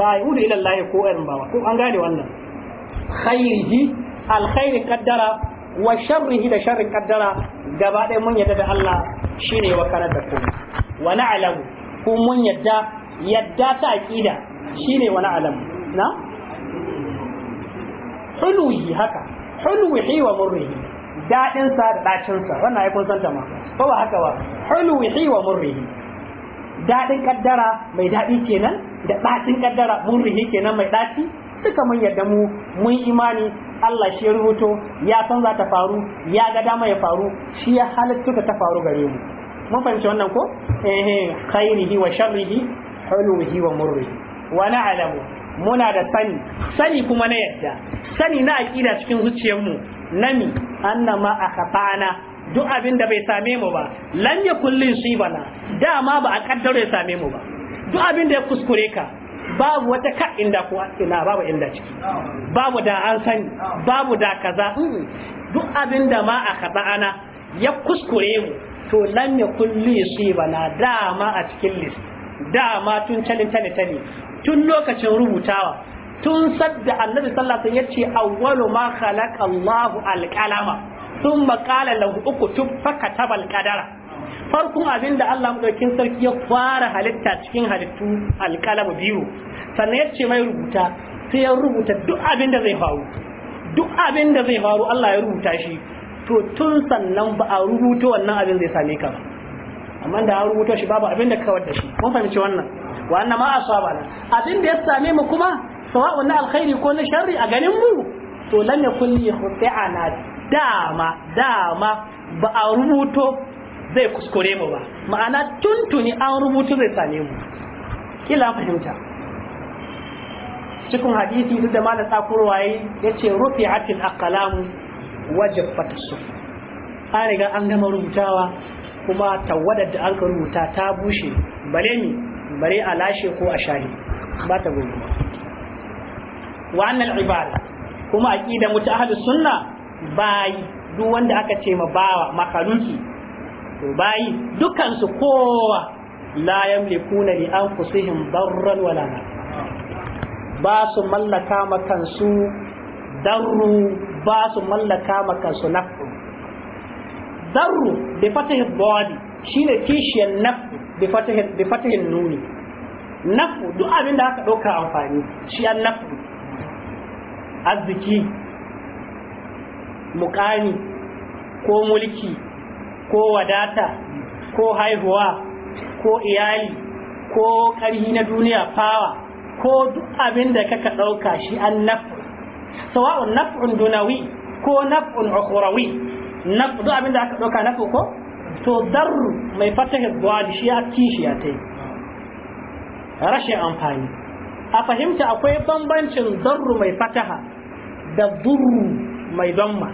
ba ud ila Allah ko irin ba ko an gane wannan khairihi alkhairi kaddara wa sharrihi da sharri kaddara gaba ɗaya mun yadda da Allah shine wa karar da kuma wa na'lamu ko mun yadda yadda ta aqida shine wa na'lamu na huluhi haka huluhi wa murrihi dadin sa da dacin sa wannan ai kun san ta ma ko ba haka ba huluhi wa murrihi dadin kaddara mai dadi kenan da dacin kaddara murrihi kenan mai daci duka mun yadda mu mun imani Allah shi ya rubuto ya san za ta faru ya ga dama ya faru shi ya halittuka ta faru gare mu mun fahimci wannan ko eh khairihi wa sharrihi huluhi wa murrihi wa na'lamu muna da sani sani kuma na yadda sani na aqida cikin zuciyar mu, nami annama akhatana duk abin da bai same mu ba ya kullin shi bana dama ba a kaddaro ya same mu ba duk abin da ya kuskure ka babu wata ka inda ko ina babu inda ciki babu da an sani babu da kaza duk abin da ma a kaɗa ana ya kuskure mu to lam ya kulli yusiba na dama a cikin list dama tun calin tale tale tun lokacin rubutawa tun sadda annabi sallallahu alaihi wasallam yace awwalu ma khalaqa Allahu al-qalama thumma qala lahu uktub fakataba qadara farkon abin da Allah madaukin sarki ya fara halitta cikin halittu alƙalamu biyu sannan ya ce mai rubuta sai ya rubuta duk abin da zai faru duk abin da zai faru Allah ya rubuta shi to tun sannan ba a rubuta wannan abin zai same ka ba amma da an rubuta shi babu abin da kawar da shi mun fahimci wannan wa annama ma asaba abin da ya same mu kuma sawa'un na alkhairi ko na sharri a ganin mu to lam yakun khuti'ana dama dama ba a rubuto zai kuskure mu ba ma'ana tuntuni an rubutu zai same mu kila fahimta cikin hadisi duk da malam tsakurwa yi ya ce rufi atil akalamu wajen fatasu an riga an gama rubutawa kuma tawadar da an rubuta ta bushe bare ni bare a lashe ko a shari ba ta wa wannan ibada kuma aqida mutu sunna bai duk wanda aka ce ma bawa makaluki to bayi dukkansu kowa la yamlikuna li anfusihim darran wala na ba su mallaka makansu darru ba su mallaka makansu nafu darru bi fatihin body shi ne kishiyar nafu bi fatihin nuni nafu duk abin da aka ɗauka amfani shi an nafu arziki muƙani ko mulki ko wadata ko haihuwa ko iyali ko karhi na duniya fawa ko duk abin da kaka ɗauka shi an naf'u sawa'un naf'un dunawi ko naf'un ukhrawi naf'u duk abin da aka ɗauka naf'u ko to darru mai fatahi du'a shi ya kishi ya tai rashin amfani a fahimta akwai bambancin darru mai fataha da burru mai damma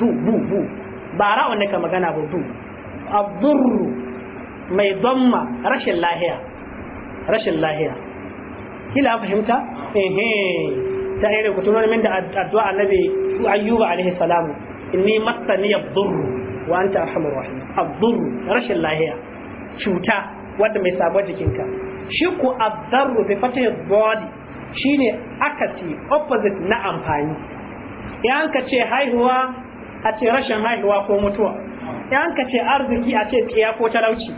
du bu bu ba ra'un ne ka magana ba du abdurru mai zamma rashin lahiya rashin lahiya kila fahimta ehe ta irin ku wani min da addu'a annabi ayyuba alaihi salamu inni massani abdurru wa anta arhamur rahim abdurru rashin lahiya cuta wanda mai sabuwar jikinka shi ku abdarru bi fatih body shine akati opposite na amfani in ka ce haihuwa a ce rashin haihuwa ko mutuwa yan ka ce arziki a ce tsiya ko talauci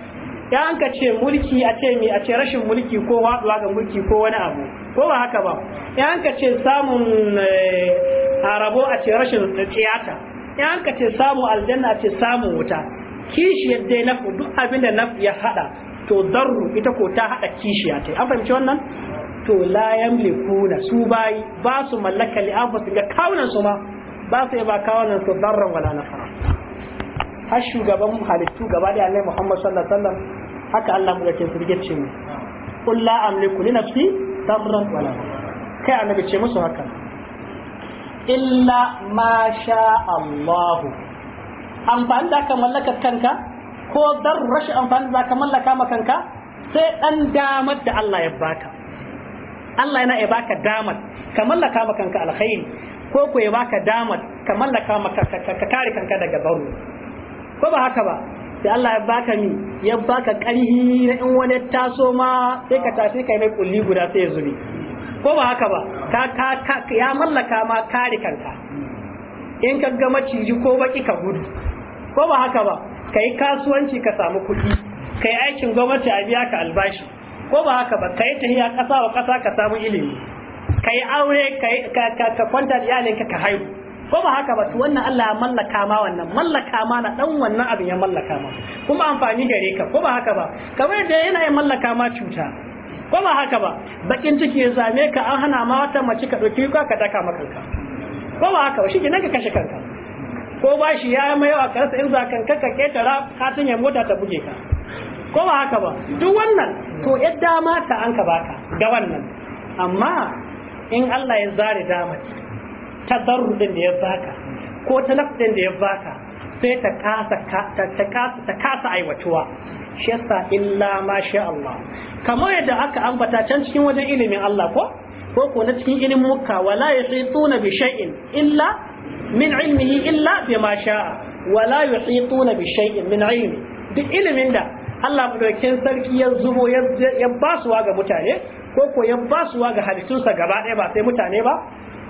yan ka ce mulki a ce mi a ce rashin mulki ko waduwa ga mulki ko wani abu ko ba haka ba yan ka ce samun eh, arabo a ce rashin tsiyata yan ka ce samu aljanna a ce samun wuta kishi yadda na duk abin da na ya hada to zarru ita ko ta hada kishiya ta an fahimci wannan to la yamlikuna su bayi ba su mallaka li su ga kawunan su ma ba su yaba kawunan su darran wala nasara har shugaban halittu gaba da annabi Muhammad sallallahu alaihi wasallam haka Allah mu yake firgice mu qul la amliku li nafsi darran wala kai annabi ce musu haka illa ma sha Allah amfani da ka mallaka kanka ko dar rashin amfani da ka mallaka ma kanka sai dan damar da Allah ya baka Allah yana ya baka damar ka mallaka ma kanka alkhairi ko ku ya baka damar ka mallaka maka ka kare kanka daga baro ko ba haka ba sai Allah ya baka mi ya baka karhi na in wani taso ma sai ka tafi kai mai kulli guda sai ya zubi ko ba haka ba ka ka ya mallaka ma kare kanka in ka ga maciji ko baki ka gudu ko ba haka ba kai kasuwanci ka samu kuɗi kai aikin gwamnati a biya ka albashi ko ba haka ba kai tahiya ƙasa wa ƙasa ka samu ilimi ka yi aure ka kwanta da iyalinka ka haihu ko ba haka ba to wannan Allah ya mallaka ma wannan mallaka ma na dan wannan abin ya mallaka ma kuma amfani gare ka ko ba haka ba kamar da yana ya mallaka ma cuta ko ba haka ba bakin ciki ya zame ka an hana ma wata mace ka dauki ka ka daka maka kanka ko ba haka ba shi kenan ka kashe kanka ko ba shi ya mai yawa karsa in inza ka ka ketara katin ya mota ta buge ka ko ba haka ba duk wannan to yadda mata an ka baka ga wannan amma in Allah ya zare damar ta tazarrudin da ya baka ko ta talafin da ya baka sai ta kasa aiwatuwa shi yasa illa ma sha Allah kamar yadda aka ambata can cikin wajen ilimin Allah ko ko ko na cikin ilimin mukka wala yahituna bi shay'in illa min ilmihi illa ma sha'a wala yahituna bi shay'in min ilmi duk ilimin da Allah madaukakin sarki ya zubo ya wa ga mutane ko ko ya wa ga halittunsa gaba ɗaya ba sai mutane ba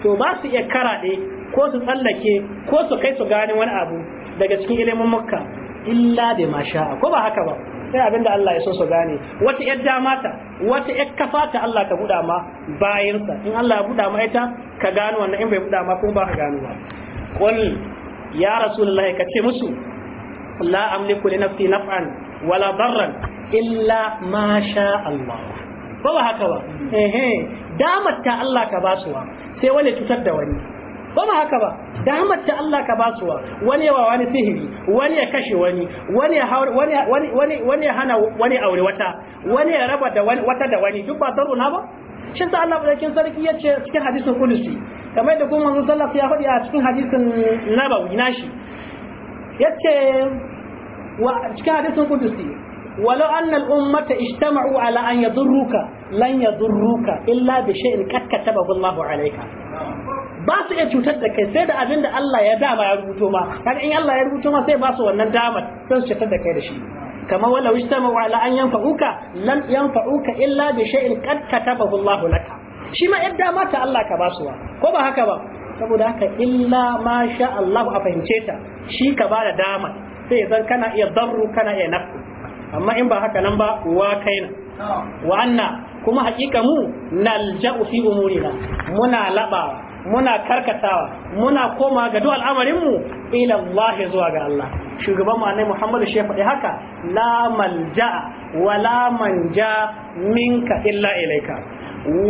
to ba su iya karaɗe ko su tsallake ko su kai su gane wani abu daga cikin ilimin makka illa da masha ko ba haka ba sai abin da Allah ya so su gane wata yar dama ta wata yar kafa ta Allah ka buɗa ma bayansa in Allah ya buɗa ma ita ka gano wannan in bai buɗa ma kuma ba ka gano ba qul ya rasulullahi ka ce musu la amliku li nafsi naf'an wala darran illa ma sha Allah ba ba haka ba ehe damar ta Allah ka basuwa sai wani cutar da wani ba ba haka ba damar ta Allah ka basuwa wani yawa wani sihiri wani ya kashe wani wani ya wani wani wani ya hana wani aure wata wani ya raba da wani wata da wani duk ba tsaro na ba shin sa Allah bakin sarki ya ce cikin hadisin kudusi kamar da kuma manzon sallallahu alaihi wasallam ya faɗi a cikin hadisin nabawi nashi yace wa cikin hadisin kudusi walau annal ummata ijtama'u ala an yadurruka lan yadurruka illa bi shay'in Allahu alayka ba su iya cutar da kai sai da abin da Allah ya dama ya rubuto ma kaga in Allah ya rubuto ma sai ba su wannan damar sai su cutar da kai da shi kama wala ijtama'u ala an yanfa'uka lan yanfa'uka illa bi shay'in qad katabahu Allahu laka shi ma yadda mata Allah ka basuwa ko ba haka ba saboda haka illa ma sha Allah a fahimce ta shi ka bada dama sai zan kana iya darru kana iya nafsu amma in ba haka nan ba wa kaina wa anna kuma hakika mu nalja'u fi umurina muna labawa muna karkatawa muna koma ga duk al'amarin mu ila Allah zuwa ga Allah shugaban mu annabi Muhammad shi faɗi haka la malja'a wa la manja minka illa ilaika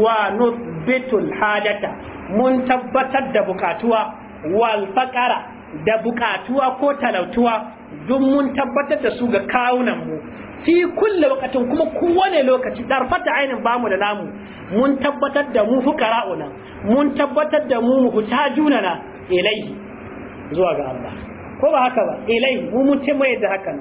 wa nudbitul hajata mun tabbatar da bukatuwa wal faqara da bukatuwa ko talautuwa duk mun tabbatar da su ga kawunan mu fi kulle wakatin kuma kowane lokaci darfata ainin bamu da namu mun tabbatar da mu fukara'una mun tabbatar da mu juna na ilaihi zuwa ga Allah ko ba haka ba ilai mu mun ce mai da haka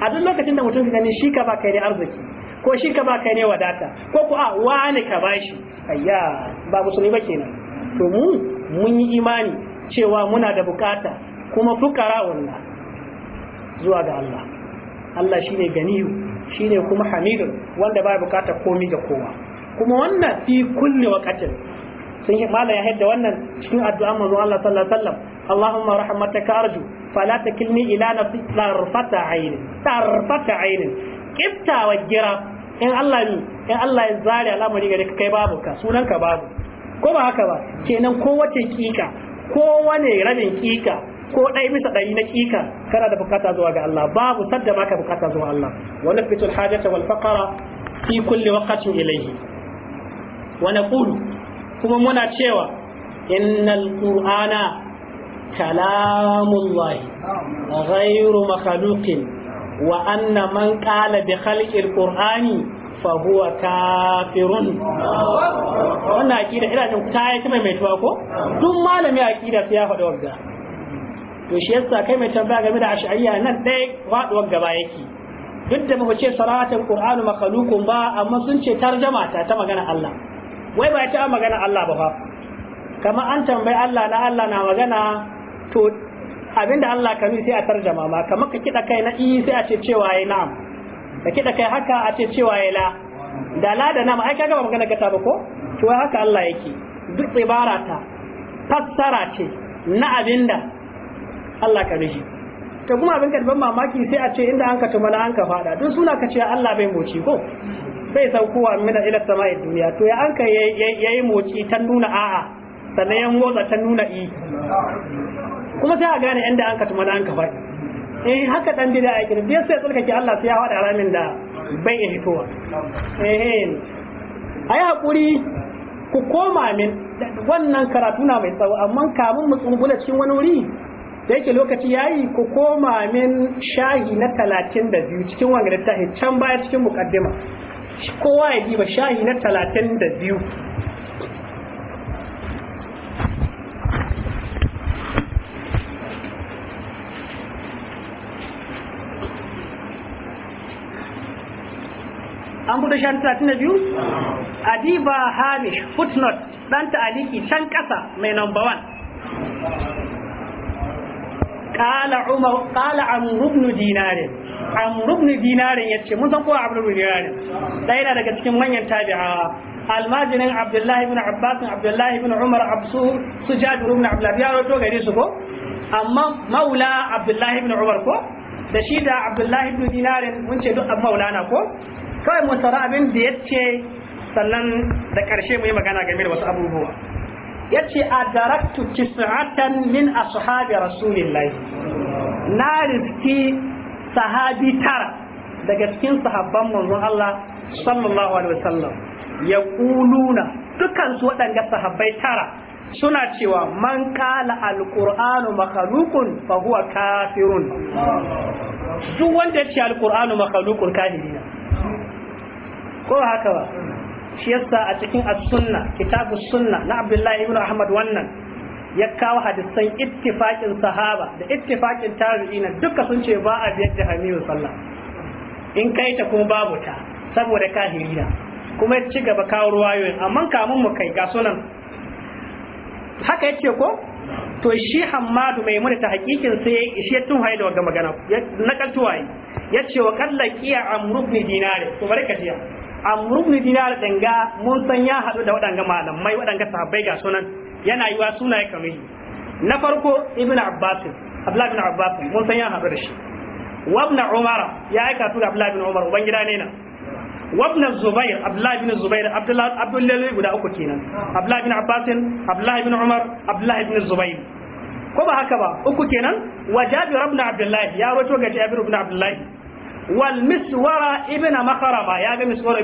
a duk lokacin da mutum ganin shi ka ba kai ne arziki ko shi ka ba kai ne wadata ko ku a wani ka bashi ayya ba musulmi ba kenan to mu mun yi imani cewa muna da bukata kuma fukara wallah zuwa ga Allah Allah shine ganiyu shine kuma Hamidu wanda ba bukata komi ga kowa kuma wannan fi kulli waqatin sun yi mala ya hadda wannan cikin addu'a manzo Allah sallallahu alaihi wasallam Allahumma rahmataka arju fala takilni ila nafsi tarfata aini tarfata aini kiftawa gira in Allah ni in Allah ya zare al'amari gare ka kai babu ka sunan babu ko ba haka ba kenan kowace kika wane rabin kika ko ɗai bisa ɗari na kika kana da bukata zuwa ga Allah babu sadda baka bukata zuwa Allah wa nafitul hajata wal faqara fi kulli waqtin ilayhi wa naqulu kuma muna cewa innal qur'ana kalamun ghayru makhluqin wa anna man qala bi khalqil qur'ani fa huwa kafirun wannan akida ina jin ta yi ta tuwa ko duk malami akida sai ya faɗi wagga to shi yasa kai mai tambaya game da ash'ariya nan dai faɗuwar gaba yake duk da muka ce salatul qur'anu makhluqun ba amma sun ce tarjama ta ta magana Allah wai ba ta magana Allah ba fa kamar an tambayi Allah na Allah na magana to abinda Allah kanu sai a tarjama ma kamar ka kida kai na i sai a ce cewa yayi na'am ka kiɗa kai haka a ce cewa ya la da la da nam ai kaga ba magana gata ba ko to haka Allah yake duk ibara ta fassara ce na abinda Allah ka rishi to kuma abin ka ban mamaki sai a ce inda an ka tumana an ka fada duk suna ka ce Allah bai moci ko bai saukowa mina ila sama'i duniya to ya an ka yayi moci ta nuna a'a sannan ya motsa ta nuna i kuma sai a gane inda an ka tumana an ka fada eh haka dan bida a kirin bai sai tsarkake Allah sai ya faɗa ramin da bai yi fitowa eh ayi hakuri ku koma min wannan karatu na mai tsawo amma kamun mu tsungula cikin wani wuri da yake lokaci yayi ku koma min shahi na 32 cikin wanga littafi can baya cikin mukaddima kowa ya diba shahi na 32 an buɗe shan ta da biyu adiba hamish footnote ɗan ta'aliki can ƙasa mai number one قال Umar قال عمرو بن دينار عمرو بن دينار yace mun san ko Abdul bin Dinar da yana daga cikin manyan tabi'a almajirin Abdullahi ibn Abbas Abdullahi ibn Umar Absu su Jabir ibn Abdullah ya roto gare su ko amma maula Abdullahi ibn Umar ko da shi da Abdullahi ibn Dinar mun ce duk maulana ko kawai mu saurari abin da ya ce sannan da ƙarshe mu yi magana game da wasu abubuwa ya ce a daraktu tis'atan min ashabi rasulillahi na riski sahabi tara daga cikin sahabban manzon Allah sallallahu alaihi wasallam ya kuluna dukkan su waɗanga sahabbai tara suna cewa man kala alqur'anu makhluqun fa huwa kafirun duk wanda ya ce alqur'anu makhluqun kafirina ko haka ba shi yasa a cikin as-sunna kitabu sunna na Abdullahi ibn Ahmad wannan ya kawo hadisan ittifaqin sahaba da ittifaqin tabi'ina duka sun ce ba a biyar da hamiyu sallah in kai ta kuma babu ta saboda kahirina kuma ya ci gaba kawo ruwayoyin amma kamun mu kai ga sunan haka ce ko to shi Hammadu mai ta hakikin sai ya ishe tun da wa magana na kaltuwaye ya ce wa kalla kiya amru dinare to ka jiya amru ibn dinar danga mun san ya hadu da waɗanga malamai waɗanga sahabbai ga sunan yana yiwa sunaye shi na farko ibn abbas abdullahi ibn abbas mun san ya hadu da shi wa ibn umara ya aika su ga abdullahi ibn umar uban gida ne na wa ibn zubair abdullahi ibn zubair abdullahi abdullahi guda uku kenan abdullahi ibn abbas abdullahi ibn umar abdullahi ibn zubair ko ba haka ba uku kenan wa jabir ibn abdullahi ya roto ga jabir ibn abdullahi wal miswara ibn makarama ya ga miswara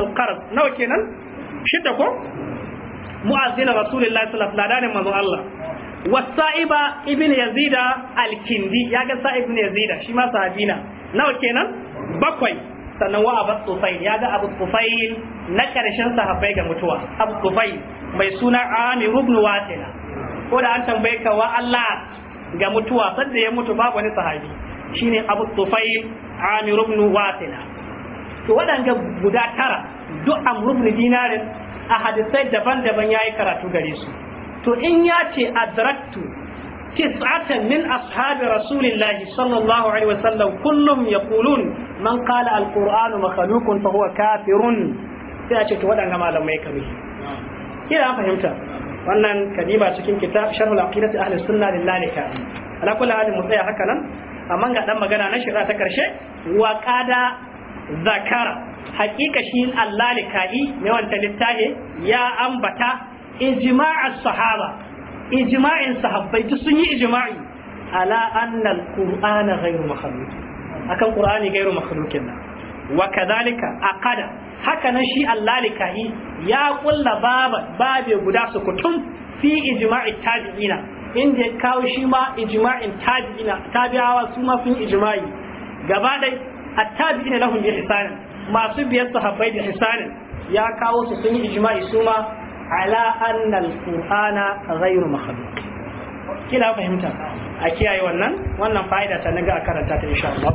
al-qarab nawa kenan shidda ko mu'azzin rasulullahi yazida alkindi. kindi ya nawa kenan bakwai sannan wa abu tufail ya ga abu na karshen sahabbai ga mutuwa abu mai suna amir ibn wasila ko da an tambaye ka wa Allah ga mutuwa sanda ya mutu babu wani sahabi shine Abu Tufail Amir ibn Wasila to waɗanda guda tara duk Amr ibn Dinarin a hadisai daban-daban yayi karatu gare su to in ya ce adraktu tis'atan min ashabi rasulillah sallallahu alaihi wasallam kullum yaqulun man qala alqur'anu makhluqun fa huwa kafirun sai a ce to waɗanda malamai kare kina fahimta wannan kadima cikin kitab sharhul aqidati ahli sunna lillahi ta'ala ala kulli halin mu tsaya haka nan amma ga dan magana na shira ta karshe wa qada zakara haqiqa shi al-lalikai mai wanta littahi ya ambata ijma'a sahaba ijma'in sahabbai duk sun yi ijma'i ala anna al-qur'ana ghayru makhluq akan qur'ani ghayru makhluqin nan wa kadhalika aqada haka nan shi allalikahi ya kulla baba babe guda sukutun fi ijma'i tabi'ina inda ya kawo shi ma ijma'in tabi'ina tabi'awa su ma sun ijma'i gaba dai at-tabi'ina lahum bi masu biyar sahabbai da ihsan ya kawo su sun ijma'i su ma ala anna al-qur'ana ghayru makhluq kila fahimta a kiyaye wannan wannan fa'ida ta naga a karanta ta insha Allah